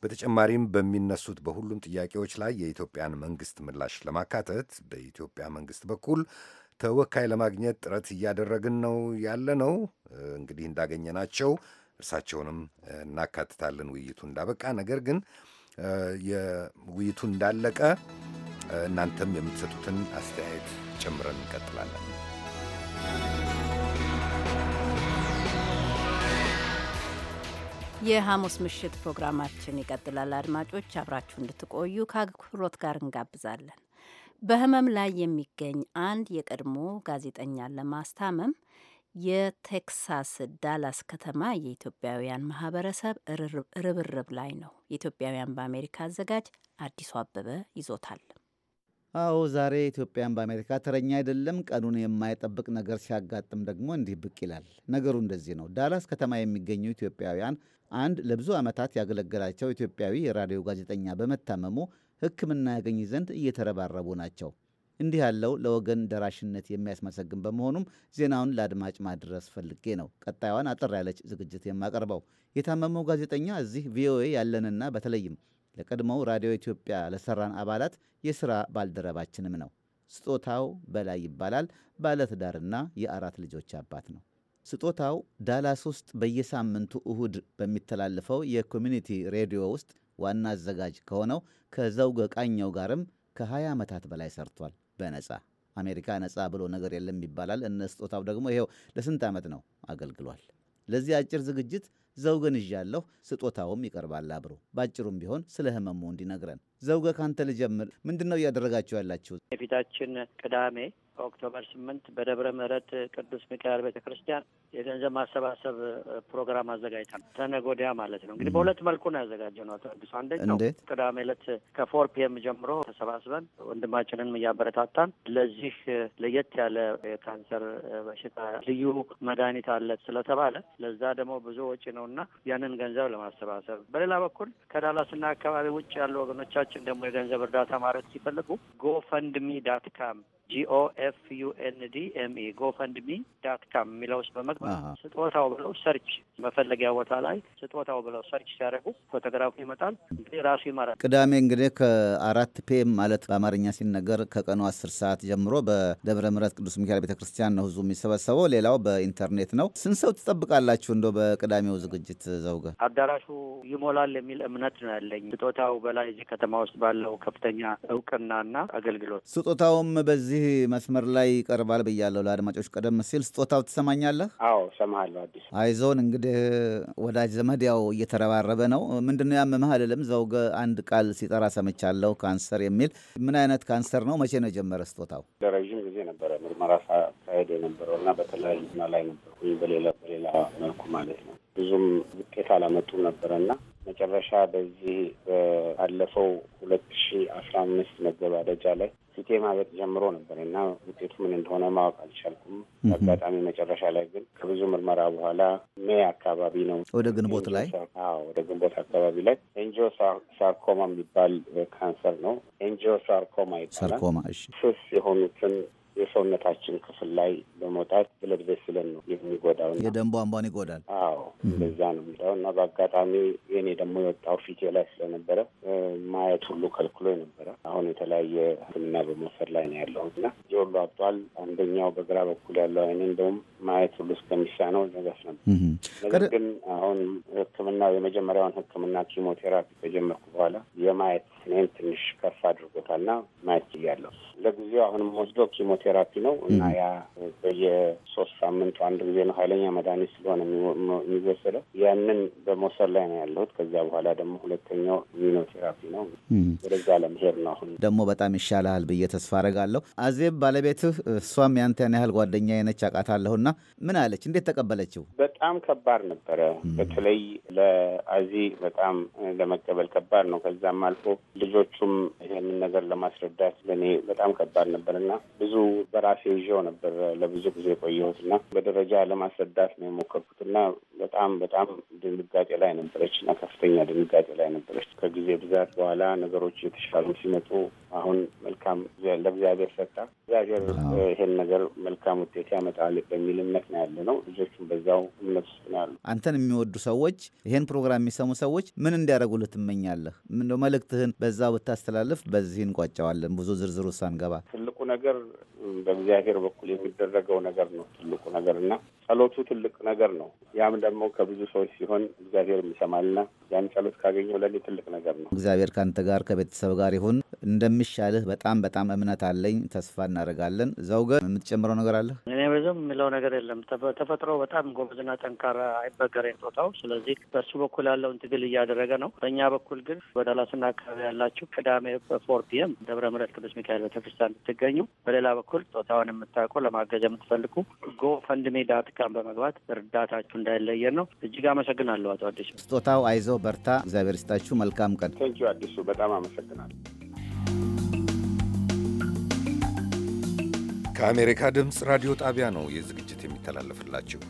በተጨማሪም በሚነሱት በሁሉም ጥያቄዎች ላይ የኢትዮጵያን መንግስት ምላሽ ለማካተት በኢትዮጵያ መንግስት በኩል ተወካይ ለማግኘት ጥረት እያደረግን ነው ያለ ነው። እንግዲህ እንዳገኘናቸው እርሳቸውንም እናካትታለን ውይይቱ እንዳበቃ። ነገር ግን ውይይቱ እንዳለቀ እናንተም የምትሰጡትን አስተያየት ጨምረን እንቀጥላለን። የሐሙስ ምሽት ፕሮግራማችን ይቀጥላል። አድማጮች አብራችሁ እንድትቆዩ ከአክብሮት ጋር እንጋብዛለን። በህመም ላይ የሚገኝ አንድ የቀድሞ ጋዜጠኛ ለማስታመም የቴክሳስ ዳላስ ከተማ የኢትዮጵያውያን ማህበረሰብ ርብርብ ላይ ነው። የኢትዮጵያውያን በአሜሪካ አዘጋጅ አዲሱ አበበ ይዞታል። አዎ ዛሬ ኢትዮጵያን በአሜሪካ ተረኛ አይደለም። ቀኑን የማይጠብቅ ነገር ሲያጋጥም ደግሞ እንዲህ ብቅ ይላል። ነገሩ እንደዚህ ነው። ዳላስ ከተማ የሚገኙ ኢትዮጵያውያን አንድ ለብዙ ዓመታት ያገለገላቸው ኢትዮጵያዊ የራዲዮ ጋዜጠኛ በመታመሙ ሕክምና ያገኝ ዘንድ እየተረባረቡ ናቸው። እንዲህ ያለው ለወገን ደራሽነት የሚያስመሰግን በመሆኑም ዜናውን ለአድማጭ ማድረስ ፈልጌ ነው ቀጣዩዋን አጠር ያለች ዝግጅት የማቀርበው። የታመመው ጋዜጠኛ እዚህ ቪኦኤ ያለንና በተለይም ለቀድሞው ራዲዮ ኢትዮጵያ ለሰራን አባላት የሥራ ባልደረባችንም ነው። ስጦታው በላይ ይባላል። ባለትዳርና የአራት ልጆች አባት ነው። ስጦታው ዳላስ ውስጥ በየሳምንቱ እሁድ በሚተላለፈው የኮሚኒቲ ሬዲዮ ውስጥ ዋና አዘጋጅ ከሆነው ከዘውገ ቃኘው ጋርም ከ20 ዓመታት በላይ ሰርቷል በነጻ አሜሪካ ነጻ ብሎ ነገር የለም ይባላል። እነ ስጦታው ደግሞ ይኸው ለስንት ዓመት ነው አገልግሏል። ለዚህ አጭር ዝግጅት ዘውግን ይዣለሁ። ስጦታውም ይቀርባል አብሮ። ባጭሩም ቢሆን ስለ ህመሙ እንዲነግረን ዘውገ ካንተ ልጀምር። ምንድን ነው እያደረጋችሁ ያላችሁ? የፊታችን ቅዳሜ ኦክቶበር ስምንት በደብረ ምሕረት ቅዱስ ሚካኤል ቤተ ክርስቲያን የገንዘብ ማሰባሰብ ፕሮግራም አዘጋጅተን ተነጎዲያ ማለት ነው። እንግዲህ በሁለት መልኩ ነው ያዘጋጀነው አቶ አዲሱ። አንደኛው ቅዳሜ ዕለት ከፎር ፒኤም ጀምሮ ተሰባስበን ወንድማችንን እያበረታታን ለዚህ ለየት ያለ የካንሰር በሽታ ልዩ መድኃኒት አለ ስለተባለ ለዛ ደግሞ ብዙ ወጪ ነው እና ያንን ገንዘብ ለማሰባሰብ በሌላ በኩል ከዳላስና አካባቢ ውጭ ያሉ ወገኖቻ አድማጮቻችን ደግሞ የገንዘብ እርዳታ ማድረግ ሲፈልጉ ጎፈንድሚ ዳት ካም ጂኦኤፍዩኤንዲ ኤምኢ ጎፈንድሚ ዳት ካም የሚለው ውስጥ በመግባት ስጦታው ብለው ሰርች መፈለጊያ ቦታ ላይ ስጦታው ብለው ሰርች ሲያደርጉ ፎቶግራፉ ይመጣል። እንግዲህ ራሱ ይመራል። ቅዳሜ እንግዲህ ከአራት ፒኤም ማለት በአማርኛ ሲነገር ከቀኑ አስር ሰዓት ጀምሮ በደብረ ምሕረት ቅዱስ ሚካኤል ቤተ ክርስቲያን ነው ህዝቡ የሚሰበሰበው። ሌላው በኢንተርኔት ነው። ስንት ሰው ትጠብቃላችሁ? እንደው በቅዳሜው ዝግጅት ዘውገ አዳራሹ ይሞላል የሚል እምነት ነው ያለኝ። ስጦታው በላይ እዚህ ከተማ ውስጥ ባለው ከፍተኛ እውቅናና አገልግሎት ስጦታውም በዚህ በዚህ መስመር ላይ ይቀርባል ብያለሁ ለአድማጮች ቀደም ሲል። ስጦታው ትሰማኛለህ? አዎ እሰማሃለሁ። አዲስ አይዞን እንግዲህ ወዳጅ ዘመድ ያው እየተረባረበ ነው። ምንድነው ያመመህ አልልም። ዘውገ አንድ ቃል ሲጠራ ሰምቻለሁ፣ ካንሰር የሚል ምን አይነት ካንሰር ነው? መቼ ነው የጀመረ ስጦታው? ለረዥም ጊዜ ነበረ ምርመራ ካሄደ የነበረው እና በተለያዩ ላይ ነበርኩኝ በሌላ በሌላ መልኩ ማለት ነው ብዙም ውጤት አላመጡም ነበረ እና መጨረሻ በዚህ ባለፈው ሁለት ሺ አስራ አምስት መገባደጃ ላይ ፊቴ ማበጥ ጀምሮ ነበር እና ውጤቱ ምን እንደሆነ ማወቅ አልቻልኩም። አጋጣሚ መጨረሻ ላይ ግን ከብዙ ምርመራ በኋላ ሜ አካባቢ ነው ወደ ግንቦት ላይ ወደ ግንቦት አካባቢ ላይ ኤንጂኦ ሳርኮማ የሚባል ካንሰር ነው። ኤንጂኦ ሳርኮማ ይባላል። ሳርኮማ ስስ የሆኑትን የሰውነታችን ክፍል ላይ በመውጣት ብለድ ቬስልን ነው የሚጎዳው። የደም ቧንቧን ይጎዳል። አዎ እንደዛ ነው የሚለው እና በአጋጣሚ የኔ ደግሞ የወጣው ፊቴ ላይ ስለነበረ ማየት ሁሉ ከልክሎ ነበረ። አሁን የተለያየ ሕክምና በመውሰድ ላይ ነው ያለው እና ጆሎ አብጧል። አንደኛው በግራ በኩል ያለው አይኔ እንደውም ማየት ሁሉ እስከሚሳነው ነገር ነበር። ነገር ግን አሁን ሕክምናው የመጀመሪያውን ሕክምና ኪሞቴራፒ ከጀመርኩ በኋላ የማየት ትንሽ ከፍ አድርጎታል አድርጎታልና ማየት ያለው ለጊዜው አሁንም ወስዶ ኪሞቴ ቴራፒ ነው እና ያ በየሶስት ሳምንቱ አንድ ጊዜ ነው። ኃይለኛ መድኃኒት ስለሆነ የሚወሰደው ያንን በመውሰድ ላይ ነው ያለሁት። ከዚያ በኋላ ደግሞ ሁለተኛው ቴራፒ ነው። ወደዛ ለመሄድ ነው። አሁን ደግሞ በጣም ይሻልሃል ብዬ ተስፋ አረጋለሁ። አዜብ ባለቤትህ፣ እሷም ያንተን ያህል ጓደኛ የነች አውቃታለሁና ምን አለች? እንዴት ተቀበለችው? በጣም ከባድ ነበረ። በተለይ ለአዚ በጣም ለመቀበል ከባድ ነው። ከዛም አልፎ ልጆቹም ይህንን ነገር ለማስረዳት ለእኔ በጣም ከባድ ነበር እና ብዙ በራሴ ይዤው ነበር ለብዙ ጊዜ የቆየሁት እና በደረጃ ለማስረዳት ነው የሞከርኩት እና በጣም በጣም ድንጋጤ ላይ ነበረች እና ከፍተኛ ድንጋጤ ላይ ነበረች። ከጊዜ ብዛት በኋላ ነገሮች የተሻሉ ሲመጡ አሁን መልካም ለእግዚአብሔር ሰጣ እግዚአብሔር ይሄን ነገር መልካም ውጤት ያመጣል በሚል እምነት ነው ያለ ነው። ልጆቹም በዛው እምነት ውስጥ ነው ያሉ። አንተን የሚወዱ ሰዎች፣ ይሄን ፕሮግራም የሚሰሙ ሰዎች ምን እንዲያደርጉልህ ትመኛለህ? መልእክትህን በዛ ብታስተላልፍ በዚህ እንቋጨዋለን ብዙ ዝርዝሩ ገባ ትልቁ ነገር በእግዚአብሔር በኩል የሚደረገው ነገር ነው ትልቁ ነገር እና ጸሎቱ ትልቅ ነገር ነው። ያም ደግሞ ከብዙ ሰዎች ሲሆን እግዚአብሔር ይሰማልና ያን ጸሎት ካገኘው ለእኔ ትልቅ ነገር ነው። እግዚአብሔር ከአንተ ጋር ከቤተሰብ ጋር ይሁን። እንደሚሻልህ በጣም በጣም እምነት አለኝ። ተስፋ እናደርጋለን። ዘውገ የምትጨምረው ነገር አለ? እኔ ብዙም የምለው ነገር የለም። ተፈጥሮ በጣም ጎበዝና ጠንካራ አይበገር ጦታው። ስለዚህ በእሱ በኩል ያለውን ትግል እያደረገ ነው። በእኛ በኩል ግን በዳላስና አካባቢ ያላችሁ ቅዳሜ በፎር ፒኤም ደብረ ምሕረት ቅዱስ ሚካኤል ቤተክርስቲያን እንድትገኙ፣ በሌላ በኩል ጦታውን የምታውቁ ለማገዝ የምትፈልጉ ጎ ፈንድሜ ዳት አፍሪካን በመግባት እርዳታችሁ እንዳይለየን ነው። እጅግ አመሰግናለሁ አቶ አዲሱ። ስጦታው አይዞ በርታ፣ እግዚአብሔር ይስጣችሁ። መልካም ቀን። ቴንኪው አዲሱ፣ በጣም አመሰግናለሁ። ከአሜሪካ ድምፅ ራዲዮ ጣቢያ ነው ይህ ዝግጅት የሚተላለፍላችሁ።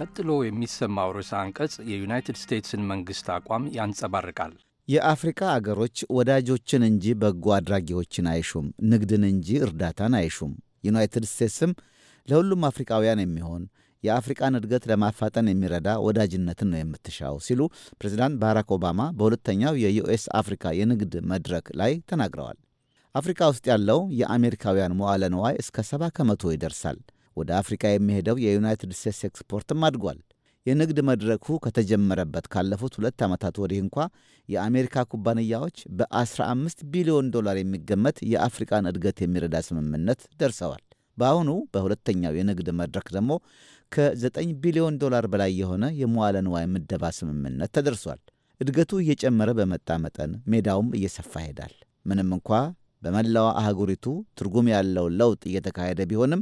ቀጥሎ የሚሰማው ርዕሰ አንቀጽ የዩናይትድ ስቴትስን መንግሥት አቋም ያንጸባርቃል። የአፍሪካ አገሮች ወዳጆችን እንጂ በጎ አድራጊዎችን አይሹም፣ ንግድን እንጂ እርዳታን አይሹም። ዩናይትድ ስቴትስም ለሁሉም አፍሪካውያን የሚሆን የአፍሪቃን እድገት ለማፋጠን የሚረዳ ወዳጅነትን ነው የምትሻው ሲሉ ፕሬዚዳንት ባራክ ኦባማ በሁለተኛው የዩኤስ አፍሪካ የንግድ መድረክ ላይ ተናግረዋል። አፍሪካ ውስጥ ያለው የአሜሪካውያን መዋለ ንዋይ እስከ ሰባ ከመቶ ይደርሳል። ወደ አፍሪካ የሚሄደው የዩናይትድ ስቴትስ ኤክስፖርትም አድጓል። የንግድ መድረኩ ከተጀመረበት ካለፉት ሁለት ዓመታት ወዲህ እንኳ የአሜሪካ ኩባንያዎች በ15 ቢሊዮን ዶላር የሚገመት የአፍሪቃን እድገት የሚረዳ ስምምነት ደርሰዋል። በአሁኑ በሁለተኛው የንግድ መድረክ ደግሞ ከ9 ቢሊዮን ዶላር በላይ የሆነ የመዋለ ንዋይ ምደባ ስምምነት ተደርሷል። እድገቱ እየጨመረ በመጣ መጠን ሜዳውም እየሰፋ ይሄዳል። ምንም እንኳ በመላዋ አህጉሪቱ ትርጉም ያለው ለውጥ እየተካሄደ ቢሆንም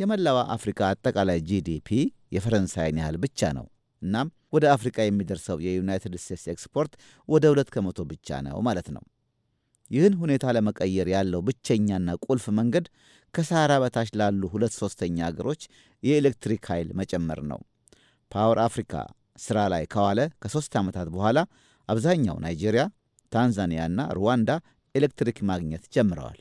የመላዋ አፍሪካ አጠቃላይ ጂዲፒ የፈረንሳይን ያህል ብቻ ነው። እናም ወደ አፍሪካ የሚደርሰው የዩናይትድ ስቴትስ ኤክስፖርት ወደ ሁለት ከመቶ ብቻ ነው ማለት ነው። ይህን ሁኔታ ለመቀየር ያለው ብቸኛና ቁልፍ መንገድ ከሳህራ በታች ላሉ ሁለት ሦስተኛ አገሮች የኤሌክትሪክ ኃይል መጨመር ነው። ፓወር አፍሪካ ሥራ ላይ ከዋለ ከሦስት ዓመታት በኋላ አብዛኛው ናይጄሪያ፣ ታንዛኒያና ሩዋንዳ ኤሌክትሪክ ማግኘት ጀምረዋል።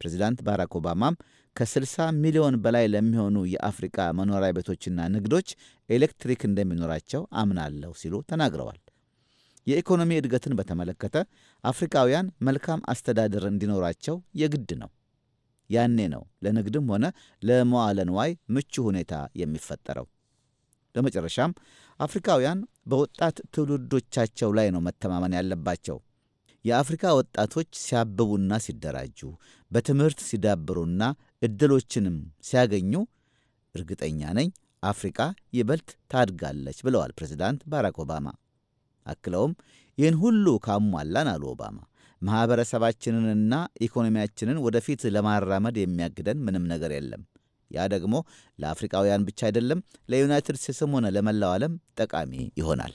ፕሬዚዳንት ባራክ ኦባማም ከ60 ሚሊዮን በላይ ለሚሆኑ የአፍሪቃ መኖሪያ ቤቶችና ንግዶች ኤሌክትሪክ እንደሚኖራቸው አምናለሁ ሲሉ ተናግረዋል። የኢኮኖሚ እድገትን በተመለከተ አፍሪካውያን መልካም አስተዳደር እንዲኖራቸው የግድ ነው። ያኔ ነው ለንግድም ሆነ ለመዋለ ንዋይ ምቹ ሁኔታ የሚፈጠረው። በመጨረሻም አፍሪካውያን በወጣት ትውልዶቻቸው ላይ ነው መተማመን ያለባቸው። የአፍሪካ ወጣቶች ሲያብቡና ሲደራጁ በትምህርት ሲዳብሩና እድሎችንም ሲያገኙ እርግጠኛ ነኝ አፍሪካ ይበልጥ ታድጋለች ብለዋል ፕሬዚዳንት ባራክ ኦባማ። አክለውም ይህን ሁሉ ካሟላን አሉ ኦባማ፣ ማኅበረሰባችንንና ኢኮኖሚያችንን ወደፊት ለማራመድ የሚያግደን ምንም ነገር የለም። ያ ደግሞ ለአፍሪካውያን ብቻ አይደለም፣ ለዩናይትድ ስቴትስም ሆነ ለመላው ዓለም ጠቃሚ ይሆናል።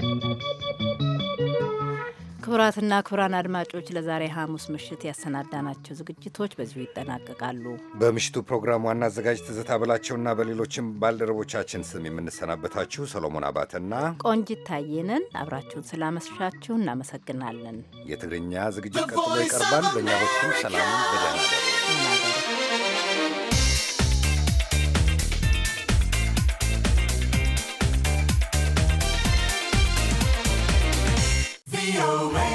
ክቡራትና ክቡራን አድማጮች ለዛሬ ሐሙስ ምሽት ያሰናዳናቸው ዝግጅቶች በዚሁ ይጠናቀቃሉ። በምሽቱ ፕሮግራም ዋና አዘጋጅ ትዝታ በላቸውና በሌሎችም ባልደረቦቻችን ስም የምንሰናበታችሁ ሰሎሞን አባተና ቆንጂት ታየንን አብራችሁን ስላመሻችሁ እናመሰግናለን። የትግርኛ ዝግጅት ቀጥሎ ይቀርባል። በእኛ በኩል ሰላም በደህና VOA.